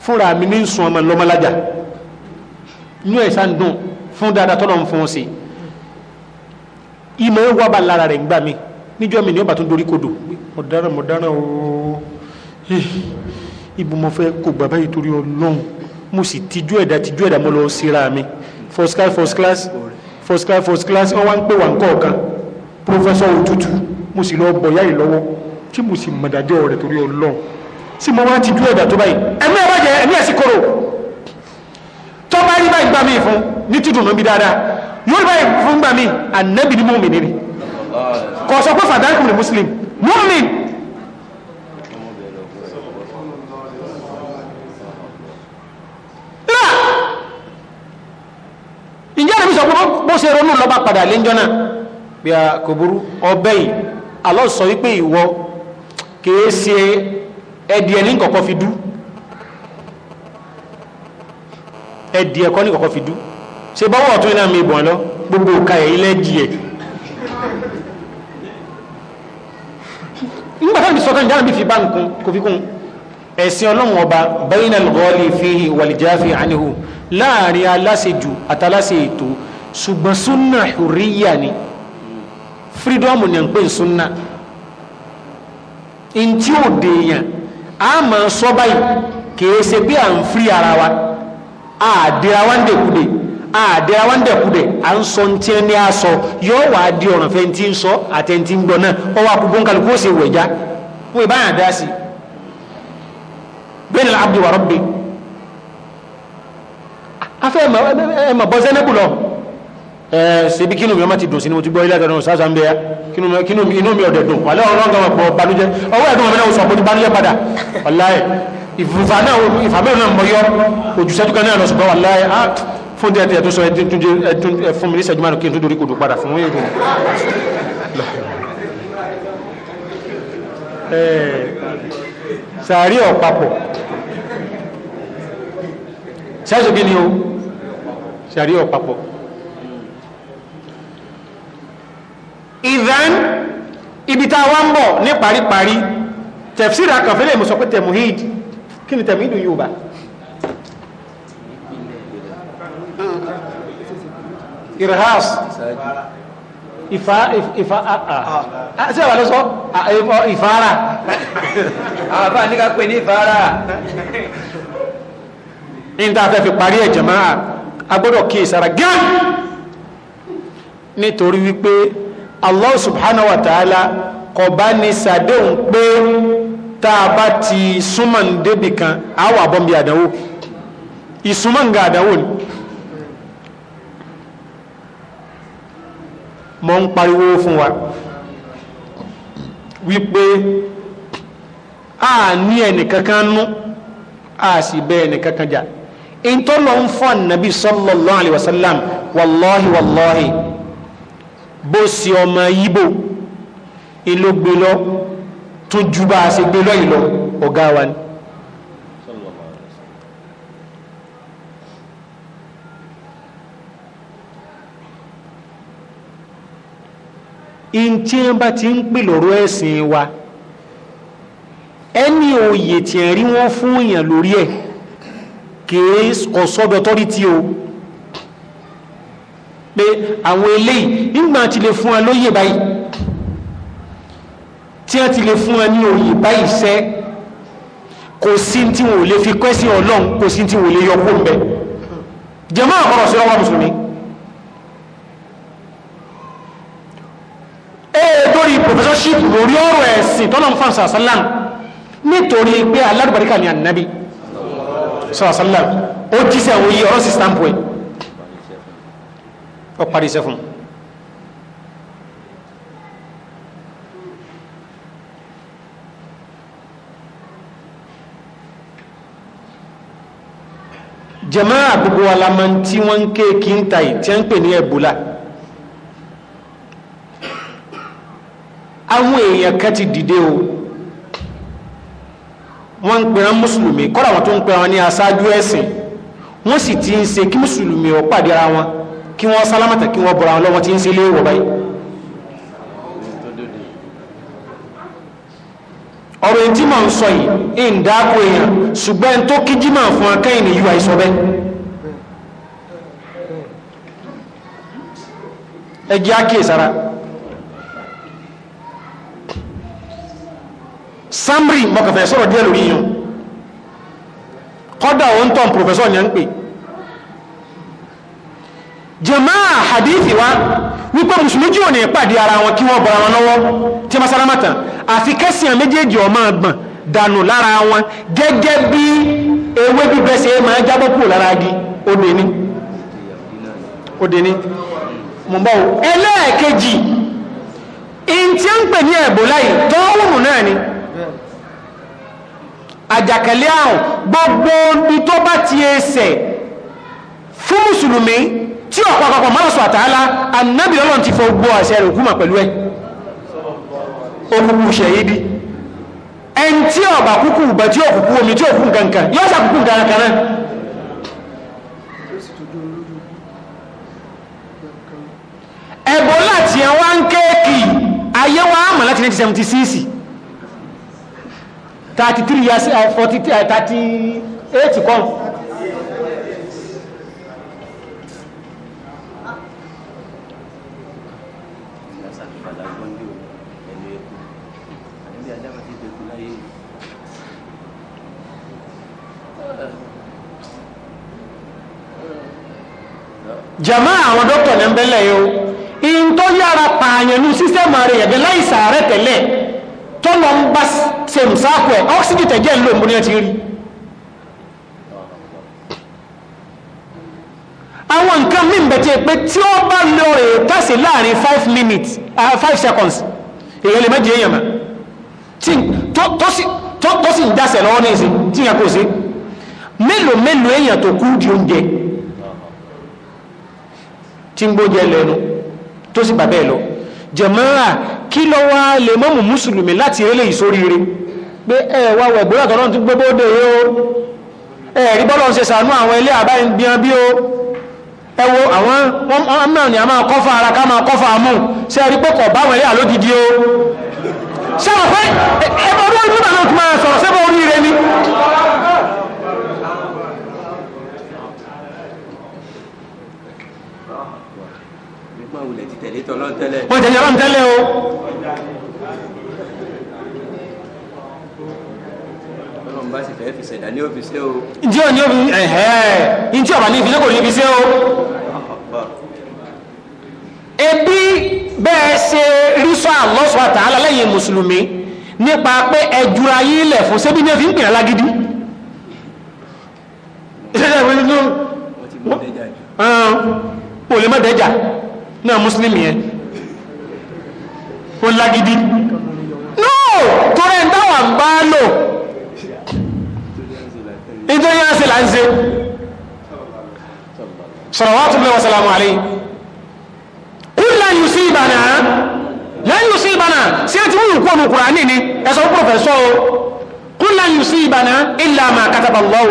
Speaker 2: fúnra mi ní sùn ọmọ lọ́mọlájà inú ẹ̀ sá ń dùn fún dáadáa tọ́lọ̀ ń fún un sí ìmọ̀ ẹ wá ba lára rẹ̀ gbà mí níjọ́ mi ní ọba tó dorí kodò mo dára mo dára fẹ́ kó bàbá yìí torí ọlọ́run mo sì tijú ẹ̀dá tijú ẹ̀dá mo lọ síra mi first class first class first class first class wọ́n wá ń pè wá nǹkọ̀ọ̀kan professor òtútù mo sì lọ bọ̀ yá yìí lọ́wọ́ tí mo sì mọ̀dájọ́ rẹ̀ torí ọlọ́run tí mo wá ti dúró ẹ̀dà tó báyìí ẹ̀mí ẹ̀ bàjẹ́ ẹ̀mí ẹ̀ sì kóró tó bá rí báyìí gbà mí fún ní títùnú bí dáadáa yóò rí báyìí fún gbà mí ànábì ni mọ́mìnì ni kò sọ pé fàdákùn ni muslim mọ́mìnì ọgbọ́n bó ṣe ronú lọ́ba padà léńjọ́ náà bí a kò burú ọbẹ̀ yìí alọ́ wípé ìwọ kìí ṣe ẹdì ẹni kọ̀kọ́ fi dú ẹdì ẹ̀kọ́ ní kọ̀kọ́ fi dú ṣe bọ́wọ́ ọ̀tún iná mi ìbọn lọ gbogbo òka ẹ̀ ilẹ̀ jì ẹ̀ nígbà táwọn ìsọ̀kan bí fi bá nǹkan kò fi kún ẹ̀sìn ọlọ́run ọba bẹ́yìn náà lọ́ọ̀lì fi wàlìjáfi àníhù láàrin aláṣejù àtàláṣe ètò ṣùgbọ́n súnà hùríyà ni fírídọ́ọ̀mù ni à ń pè súnà ntí ò dèèyàn a máa sọ báyìí kìí ṣe bí à ń fírí ara wa àdìra wa ń dẹ̀kudẹ̀ àdìra wa ń dẹ̀kudẹ̀ à ń sọ ntí ẹni à sọ yóò wá di ọ̀ràn fẹ́ ntí ń sọ àtẹ ń gbọ́ náà ọwọ́ àkókò ń kálukú ó ṣe wẹ̀já wọ́n ìbáyà dá sí bẹ́ẹ̀ ni abdi wa afẹ́ ẹ̀ mà bọ́ sẹ́nẹ́kù lọ. Eh, ṣe bí kínú mi ọmọ ti dùn sí ni mo ti gbọ́ ilé ẹ̀dọ̀dọ̀ sáàsà ń bẹ ya kínú mi inú mi ọ̀dẹ̀ dùn wàlẹ́ ọ̀rọ̀ ọ̀gá ọ̀pọ̀ balújẹ́ ọwọ́ ẹ̀dùn ọ̀mẹ́lẹ́ oṣù àpótí balújẹ́ padà wàláyé ìfúnfà náà ìfàbẹ́rẹ̀ náà mọ̀ yọ ojú sẹ́tù kan náà lọ ṣùgbọ́n wàláyé ah, fún díẹ̀ díẹ̀ tó sọ fún mi ní sẹ́jú márùn kí n tó dorí kodò padà fún èèkùn eh,
Speaker 1: sàárì ọ̀pápọ̀
Speaker 2: sẹ́sù kí ni o sàárì ọ̀pápọ̀ ìdán ibi tá a wá ń bọ̀ ní paríparí tẹ̀fsíra kàfẹ́lẹ̀ mo sọ pé tẹ̀mùhíd kí ni tẹ̀mùhíd yóò bá irhas ìfà ìfà àà sí àwọn alẹ́sọ́ ìfàárà àwọn àbá ní ká pè ní ìfàárà ní tàà fi parí ẹ̀ jẹ̀máà agbọ́dọ̀ kí ìsára gẹ́ nítorí wípé allah subhanahu wa ta'ala kò bá ní sàdéhùn pé tá a bá ti súnmọ́ ní débì kan a wà bọ́m bí àdánwò ìsúnmọ́ nga àdánwò ni mo ń pariwo fún wa wípé a ní ẹnìkankan nú a sì bẹ ẹnìkankan jà in tó lọ ń fọ́ ànàbí sallallahu alaihi wasallam bó sì ọmọ yíbò ìlú gbé lọ tó ju bá a ṣe gbé lọ ìlọ ọ̀gá wa ni. ntí wọn bá ti ń pè lọ́rọ̀ ẹ̀sìn wa ẹni òye tí ẹ̀ wọn fún èèyàn lórí ẹ̀ kì í kọ̀ sọ́dọ̀ tọ́rí tí o pé àwọn eléyìí nígbà tí lè fún wa lóyè báyìí tí wọ́n ti lè fún wa ní òyè báyìí sẹ́ kò sí tí wọ́n lè fi kwẹ́sí ọlọ́run kò sí tí wọ́n lè yọ kó ń bẹ jẹ́mọ́ sí ọwọ́ mùsùlùmí lórí professorship lórí ọ̀rọ̀ ẹ̀sìn tọ́lọ̀n fún sàásánlá nítorí pé alárùbáríkà ni ànábì sàásánlá ó jíṣẹ́ àwọn iye ọ̀rọ̀ sí stamp way ọ parí iṣẹ́ fún jamaa gbogbo alama tí wọ́n ń ké kí ń ta yìí tí wọ́n ń pè ní Ebola àwọn èèyàn kan ti dìde o wọ́n ń pèrán mùsùlùmí kọ́ra wọn tó ń pèrán ní aṣáájú ẹ̀sìn wọ́n sì ti ń ṣe kí mùsùlùmí ó pàdé ara wọn kí wọ́n sálámàtà kí wọ́n bọ̀rọ̀ àwọn lọ́wọ́ tí ń ṣe ilé ìwọ̀ báyìí ọ̀rọ̀ èyí tí màá ń sọ yìí ń dáko èèyàn ṣùgbọ́n tó kíjí máa fún akẹ́yìn ní ui sọ bẹ́ẹ̀ ẹgbẹ́ àkíyèsára samri mọ̀kànfẹ́ sọ̀rọ̀ díẹ̀ lórí yìí kọ́dà òun tán pòfẹ́sọ̀ yẹn ń pè jama'a hadithi wa wípé musulmi jí ò ní pàdé ara wọn kí wọ́n bọ̀ra wọn lọ́wọ́ tí ma sára mọ́tàn àfi kẹ́sìyàn méjèèjì ọmọ ọgbọ̀n dànù lára wọn gẹ́gẹ́ bí ewé bíbẹ́ ṣe máa jábọ́ kúrò lára agi odeni odeni mọ̀bọ́ ẹlẹ́ẹ̀kejì in tí ó ń pè ní ẹ̀bọ́lá yìí tó wùrùn náà ni àjàkálẹ̀ àrùn gbogbo ibi tó bá ti ẹsẹ̀ fún mùsùlùmí tí ọ̀pọ̀ àpapọ̀ mọ́lọ́sù àtàálá annabi lọ́lọ́n ti fọ gbọ́ àṣẹ rẹ̀ òkúmà pẹ̀lú ẹ okùnkùn ṣẹ̀yídí ẹn tí ọ̀bà kúkú bẹ̀ tí òkùnkùn omi tí òkùnkùn kankan yóò sàkùnkùn kankan náà ẹ̀bọ́ láti ẹwà ń kéèkì ayé wa mọ̀ láti 1976 33 years 40 eh, eh, kan jama àwọn dókítà ní ẹnbẹ́lẹ̀ yìí o in tó yára pààyàn ní sísẹ́mù rẹ̀ yẹ̀gẹ́ láìsà rẹ̀ tẹ̀lẹ̀ tó lọ ń bá sèmsáàkù ẹ̀ ọ́ksíjì tẹ̀jẹ̀ ńlò mú ní ẹtì rí àwọn nǹkan mí bẹ̀ pé tí ó bá lọ rẹ̀ tẹ̀sí láàrin five minutes uh, five seconds èyí lè méjì èèyàn mà tó sì ń dásẹ̀ lọ́wọ́ ní ìsìn tí ìyàn kò sí mélòó mélòó èèyàn tó kú di oúnjẹ tí ń gbójẹ lẹ́nu tó sì bàbẹ́ ẹ̀ lọ jẹ̀mọ́ra kí lọ wá lè mọ́mù mùsùlùmí láti eré ìsoríire pé ẹ wá wẹ̀ bóyá tọ́lọ́ tó gbé bóde o ẹ rí bọ́lọ̀ ń ṣe sànú àwọn ilé àbáyé bían bí o ẹ wo àwọn wọn náà ni a máa kọ́ fún ara ká máa kọ́ fún amú ṣe rí pé kọ̀ báwọn ilé àlódìdí o
Speaker 3: ń tẹ́lẹ̀ o. ǹjẹ́ ò ní òbí ẹ̀hẹ́
Speaker 2: ǹjẹ́ ọ̀bà ní ìfisẹ́ kò ní ìfisẹ́ o. ebi bẹ́ẹ̀ ṣe rísọ́ Allah subhanahu wa ta'ala lẹ́yìn mùsùlùmí nípa pé ẹjura yín fún sẹ́bí ní ẹ̀fín pè é lágídí. ìṣẹ́jà ìwé nínú. wọ́n ti mú dẹ́jà. wọ́n ò lè má dẹ́jà náà ó lágídí no torí ẹ̀ ń táwà ń bá lò nítorí yá sí là ń ṣe salawatullahi wa salamu alayhi kúlà yìí sí ìbànà lẹ́yìn yìí sí ìbànà sí ẹ̀ tí wọ́n kú ọ̀nà Kùránì ni ẹ̀sọ́ pọ̀fẹ́sọ́ kúlà yìí sí ìbànà illa ma kataba Allahu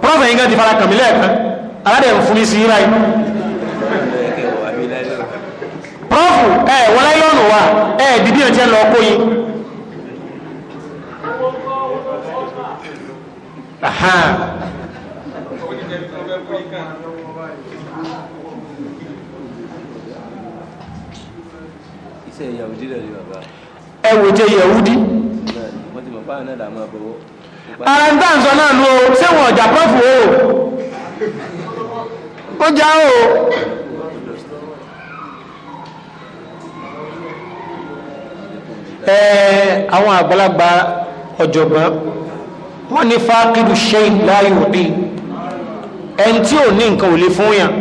Speaker 2: prof yìí gan ti fara kàmí lẹ́ẹ̀kan aládẹ̀ ń fún mi sí yíra yìí
Speaker 3: prọfù ẹ wọlé yọ̀nù wa ẹ dìbí ọ̀jẹ̀ lọ kó ara ń dáǹsọ náà lu o ṣé wọn ọjà pọ́fù
Speaker 2: o ó já o. àwọn àgbàlagbà ọ̀jọ̀gbọ́n wọ́n ní fákìlù ṣe láyé òbí ẹni tí ò ní nǹkan ò lè fún yàn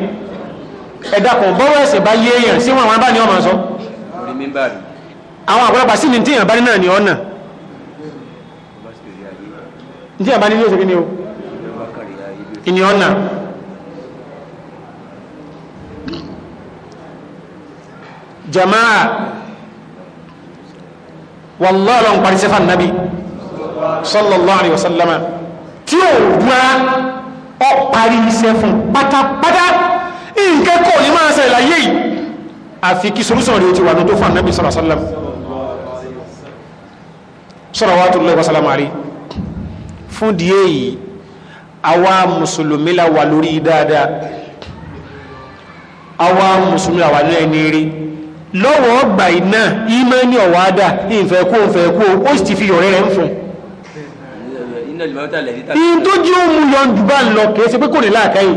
Speaker 2: ẹ̀dá kan bọ́wọ́ ẹ̀sẹ̀ bá yé èèyàn sí wọn àwọn abáni ọmọ sọ
Speaker 3: àwọn àgbàlagbà sí ni tí èèyàn bá rí náà ní
Speaker 2: ọ̀nà ntí àbá nílé òṣèké ni o ìní ọ̀nà jama'a wallahi ń parí sẹ́fà nàbí sallallahu alaihi wasallama tí ó wá ọ parí iṣẹ́ fún pátápátá nǹkan kọ́ ní máa ṣẹlẹ̀ láyé yìí àfi kí solúsàn rẹ̀ ti wà ní tó fún ànábì sallallahu fún di èyí àwa mùsùlùmí la wà lórí dáadáa àwa mùsùlùmí la wà lórí ẹni rí lọ́wọ́ ọgbà iná ìmọ̀ ní ọ̀wá dà ìfẹ́ kó ìfẹ́ kó ó sì ti fi ọ̀rẹ́ rẹ̀ ń fún ìyìn tó jí ó mú yọ dùbà lọ kìí ṣe pé kò ní láàkáyì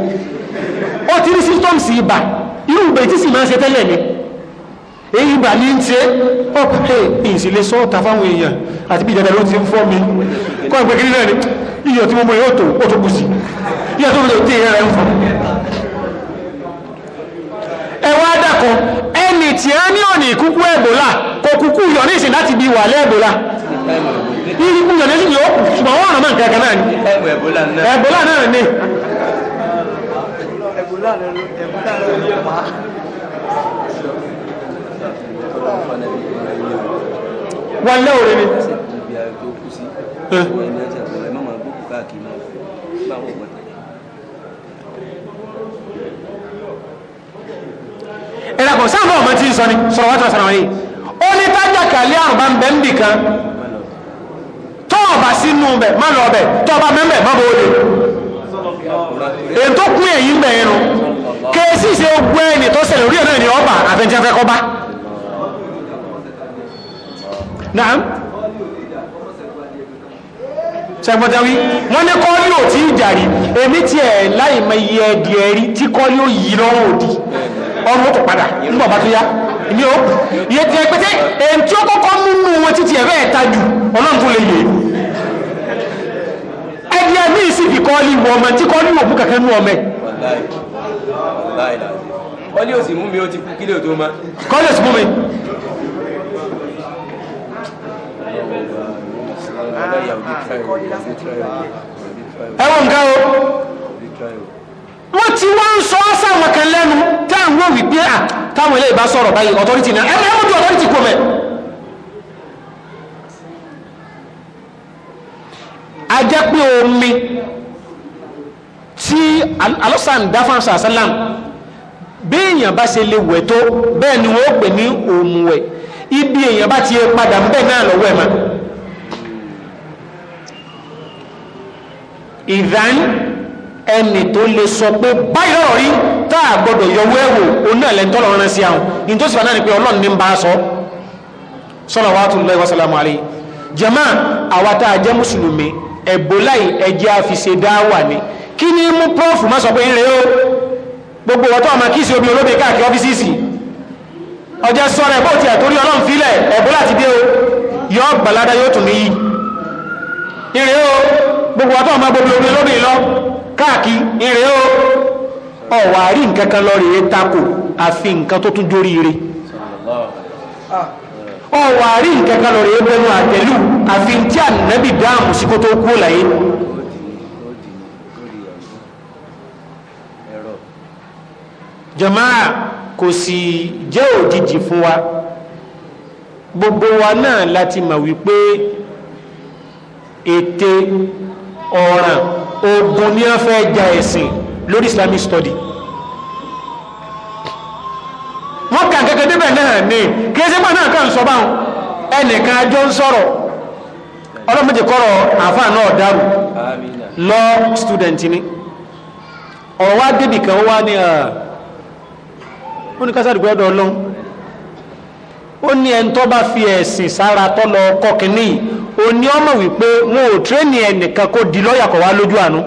Speaker 2: ó ti rí symptoms ibà irú ìbẹ̀ tí sì máa ń ṣe tẹ́lẹ̀ ni èyí bà ní tí ó oh, pẹ́ ìsìlẹ̀ sọ́ọ̀ta fáwọn èèyàn àti bí ìdàdàló ti ń fọ́ mi kọ́ ìpẹ́ kiri náà ni iyọ̀ tí mo mọ̀ yóò tó ó tó gùsì iyọ̀ tó lè tí ìrẹ́ ń fọ́ ẹwà dàkọ́ ẹni tí a ní ọ̀nà ìkúkú ẹ̀bọ́là kò kúkú yọ ní ìsìn láti bí wà lẹ́ẹ̀bọ́là ìkúkú yọ ní ìsìn yóò ṣùgbọ́n wọ́n àmọ́ nǹkan náà ni ẹ̀bọ́là náà ni
Speaker 3: wà lẹ́ òre ni.
Speaker 1: ẹ̀rọ kò sáà bọ̀
Speaker 2: ọmọ tí ń sọ ni sọ̀rọ̀ wá tó sọ̀rọ̀ yìí ó ní tájà kàlí àrùn bá ń bẹ̀ ń bì kan tó ọba sínú bẹ̀ má lọ bẹ̀ tó ọba mẹ́mbẹ̀ má bọ̀ òde ètò kún èyí ń bẹ̀ yẹn nu
Speaker 3: kèésì ṣe gbọ́ ẹni tó ṣẹlẹ̀ orí ẹ̀ náà ni ọba àfẹnjẹ́fẹ́ kọ́ bá náà
Speaker 2: sẹgbọtawi wọn ní kọ́ọ̀lì ò tí ì èmi tí ẹ̀ láì mọ iye ẹ̀dì ẹ̀rí tí kọ́ọ̀lì ò yí lọ́wọ́ òdì ọmọ tó padà nígbà bá tó yá ní ó iye tí ẹ pété tí ó kọ́kọ́ múnú wọn títí ẹ̀ bẹ́ẹ̀ jù ọlọ́run tó lè
Speaker 3: Ah, ah,
Speaker 2: ẹwọ nǹkan o wọ́n ti wọ́n ń sọ ọ́ sáwọn kan lẹ́nu táwọn wípé à táwọn ilé ìbá sọ̀rọ̀ báyìí authority náà ẹ̀rọ ẹ̀rọ authority kò mẹ́ a jẹ́ pé omi tí alọ́sàn dáfà sàásálàm bí èèyàn bá ṣe lè wẹ̀ tó bẹ́ẹ̀ ni wọ́n pè ní òmùwẹ̀ ibi èèyàn bá ti padà ń bẹ̀ náà lọ́wọ́ ẹ̀ máa ìdán ẹni tó lè sọ pé báyọ̀ rí tá a gbọ́dọ̀ yọwọ́ ẹ̀wò òun náà lẹ́ńtọ́ lọ́rọ́ rẹ̀ sí àwọn ní tó sì wà náà ni pé ọlọ́run ní ń bá a sọ salawatullahi wa salamu alayhi jama àwa tá a jẹ́ mùsùlùmí ẹ̀bọ́lá yìí ẹjẹ́ àfiṣe dáwà ni kí yóò tún níyì ń rè ó gbogbo àtọ́ ọmọ gbogbo omi lómi lọ káàkiri ìrè o ọ̀wà rí nǹkan kan lọ rèé tako àfi nǹkan tó tún jórí ire ọ̀wà rí nǹkan kan lọ rèé bẹnu àtẹ̀lù àfi tí ànábì dáàmù sí kó tó kú láyé jamaa kò sì jẹ́ òjijì fún wa gbogbo wa náà láti mọ̀ wípé ète ọ̀ràn ogun ní wọ́n fẹ́ ja ẹ̀sìn lórí islamic study wọ́n kà kẹ́kẹ́ débẹ̀ náà ní kí ẹsẹ̀ pàdánù kan sọ báwọn ẹnìkan ajọ́ ń sọ̀rọ̀ ọlọ́mọdé kọ́rọ̀ àfáà náà dárò lọ student ni ọ̀rọ̀ wá débì kan wá ní ọ̀nìkásá ah. àdúgbò ọ̀dọ̀ ọlọ́run ó ní ẹni tó bá fi ẹ̀sìn sára tó lọ kọ́ kínní ó ní ọmọ wípé wọn ò tírẹ́nì ẹnìkan kó di lọ́ọ̀yà kọ̀ wá lójú àánú.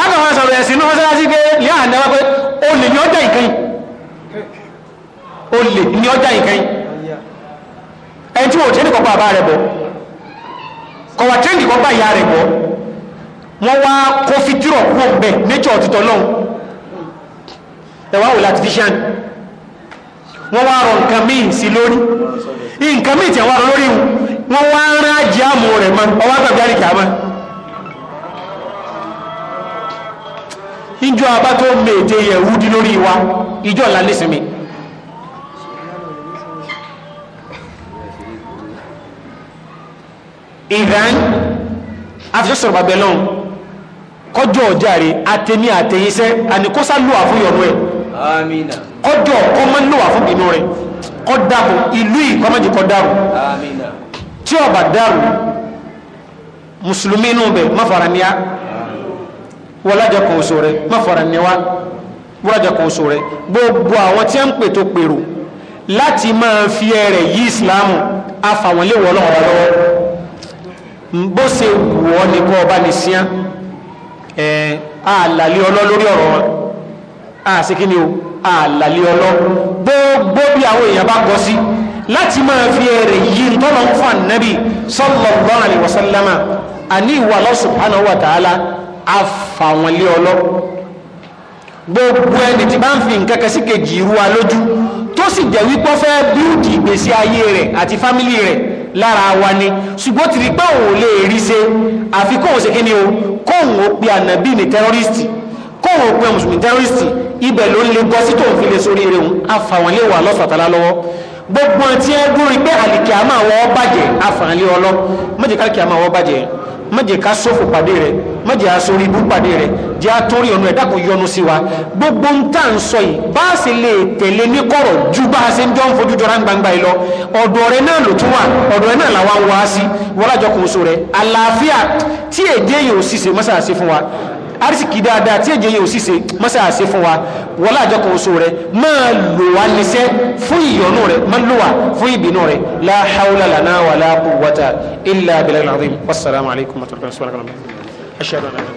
Speaker 2: àgbàwọn sọ̀rọ̀ ẹ̀sìn ní mọ́sálásí pé ní àná wá pé o lè ní ọjà ìkẹyìn o lè ní ọjà ìkẹyìn ẹni tí wọn ò tírẹ́nì kọ́kọ́ àbá rẹ̀ bọ̀ kọ̀wà tírẹ́nì kọ́kọ́ ìyá rẹ̀ bọ̀ wọ́n wá kó fitirọ̀ kúrò bẹ́ẹ̀ nature ọ̀títọ́ wọ́n wá rọ nǹkan míì sí lórí nǹkan míì tí àwọn arọ lórí wọ́n wá rán ajé àmú rẹ̀ mọ́ ọwọ́ àgbàgbé àríkì àmọ́ ìjọ àbá tó mèje yẹ̀wú dí lórí wa ìjọ ọ̀la lẹ́sìnmi ìdán afẹ́sọ̀rọ̀ bàbẹ̀ lọ́hùn kọjọ́ ọ̀járe àtẹ̀mí àtẹ̀yìnṣẹ́ àníkọ́sá lù àfúyọ̀nù ẹ̀ ọjọ́ ọmọ níwà fún ìnú rẹ̀ kọ́ dàrú ìlú ìkọ́mọ́jì kọ dàrú tí ọba dàrú mùsùlùmí inú bẹ̀ mọ́fàràníà wọlájà kan oṣù rẹ̀ mọ́fàràníà kan oṣù rẹ̀ gbogbo àwọn tí ń tó pèrò láti máa fi ẹrẹ̀ yí ìsìláàmù afàwọ̀nléwọ̀ ọlọ́wọ́ lọ́wọ́ bó ṣe ní àlàlé ọlọ́ lórí ọ̀rọ̀ wọn àṣekíni o àlàlé ọlọ́ gbogbo bí àwọn èèyàn bá gọ sí láti máa fi ẹ̀rẹ̀ yìí tọ́lọ̀ ń fà nẹ́bí sallallahu wa ta'ala àfàwọnlé ọlọ́ gbogbo ẹni tí bá ń fi nǹkan kan sí kejì irú wa lójú tó sì jẹ́ wípé fẹ́ bíúdì ìgbésí ayé rẹ̀ àti fámílì rẹ̀ lára wa ni ṣùgbọ́n ti rí pé òun lè rí ṣe àfi kóhun o kóhun ó pe ànàbí ní tẹ́rọ́rìstì kóhun ó pe mùsùlùmí tẹ́rọ́rìstì ibẹ̀ ló lè bọ́ sí tóun fi lè sórí eré òun àfàwọn lè wà lọ́sọ̀tàlá lọ́wọ́ gbogbo àti ẹdúrí pé àlìkè àmà àwọn ọbàjẹ́ àfàwọn lè ọlọ́ mọ̀jẹ̀ kálíkè àmà àwọn ọbàjẹ́ mọ̀jẹ̀ ká sófò pàdé rẹ̀ mọ̀jẹ̀ àsorí ibú pàdé rẹ̀ jẹ́ àtórí ọ̀nà ẹ̀dá kan yọnu sí wa gbogbo ń tà ń sọ yìí bá a sì lè tẹ̀lé ní kọ̀rọ̀ ju bá a ṣe ń jọ ń fojú jọra ń gbangba yìí lọ ọ̀dọ̀ rẹ̀ náà ló tún wà ọ̀dọ̀ rẹ̀ náà làwa wá sí wọ́lájọkùnso rẹ̀ àlàáfíà tí èdè yìí ò sì ṣe mọ́sàásí fún wa arísìkì dáadáa tí èjì yóò síse mọ́sá àṣẹ fún wa wọlá àjọkọ̀ oṣù rẹ máa lò wá lẹ́sẹ́ fún ìyọnú rẹ máa lò wá fún ìbínú rẹ la hawla lana wala quwwata illa billahi alazim wassalamu alaikum warahmatullahi wabarakatuh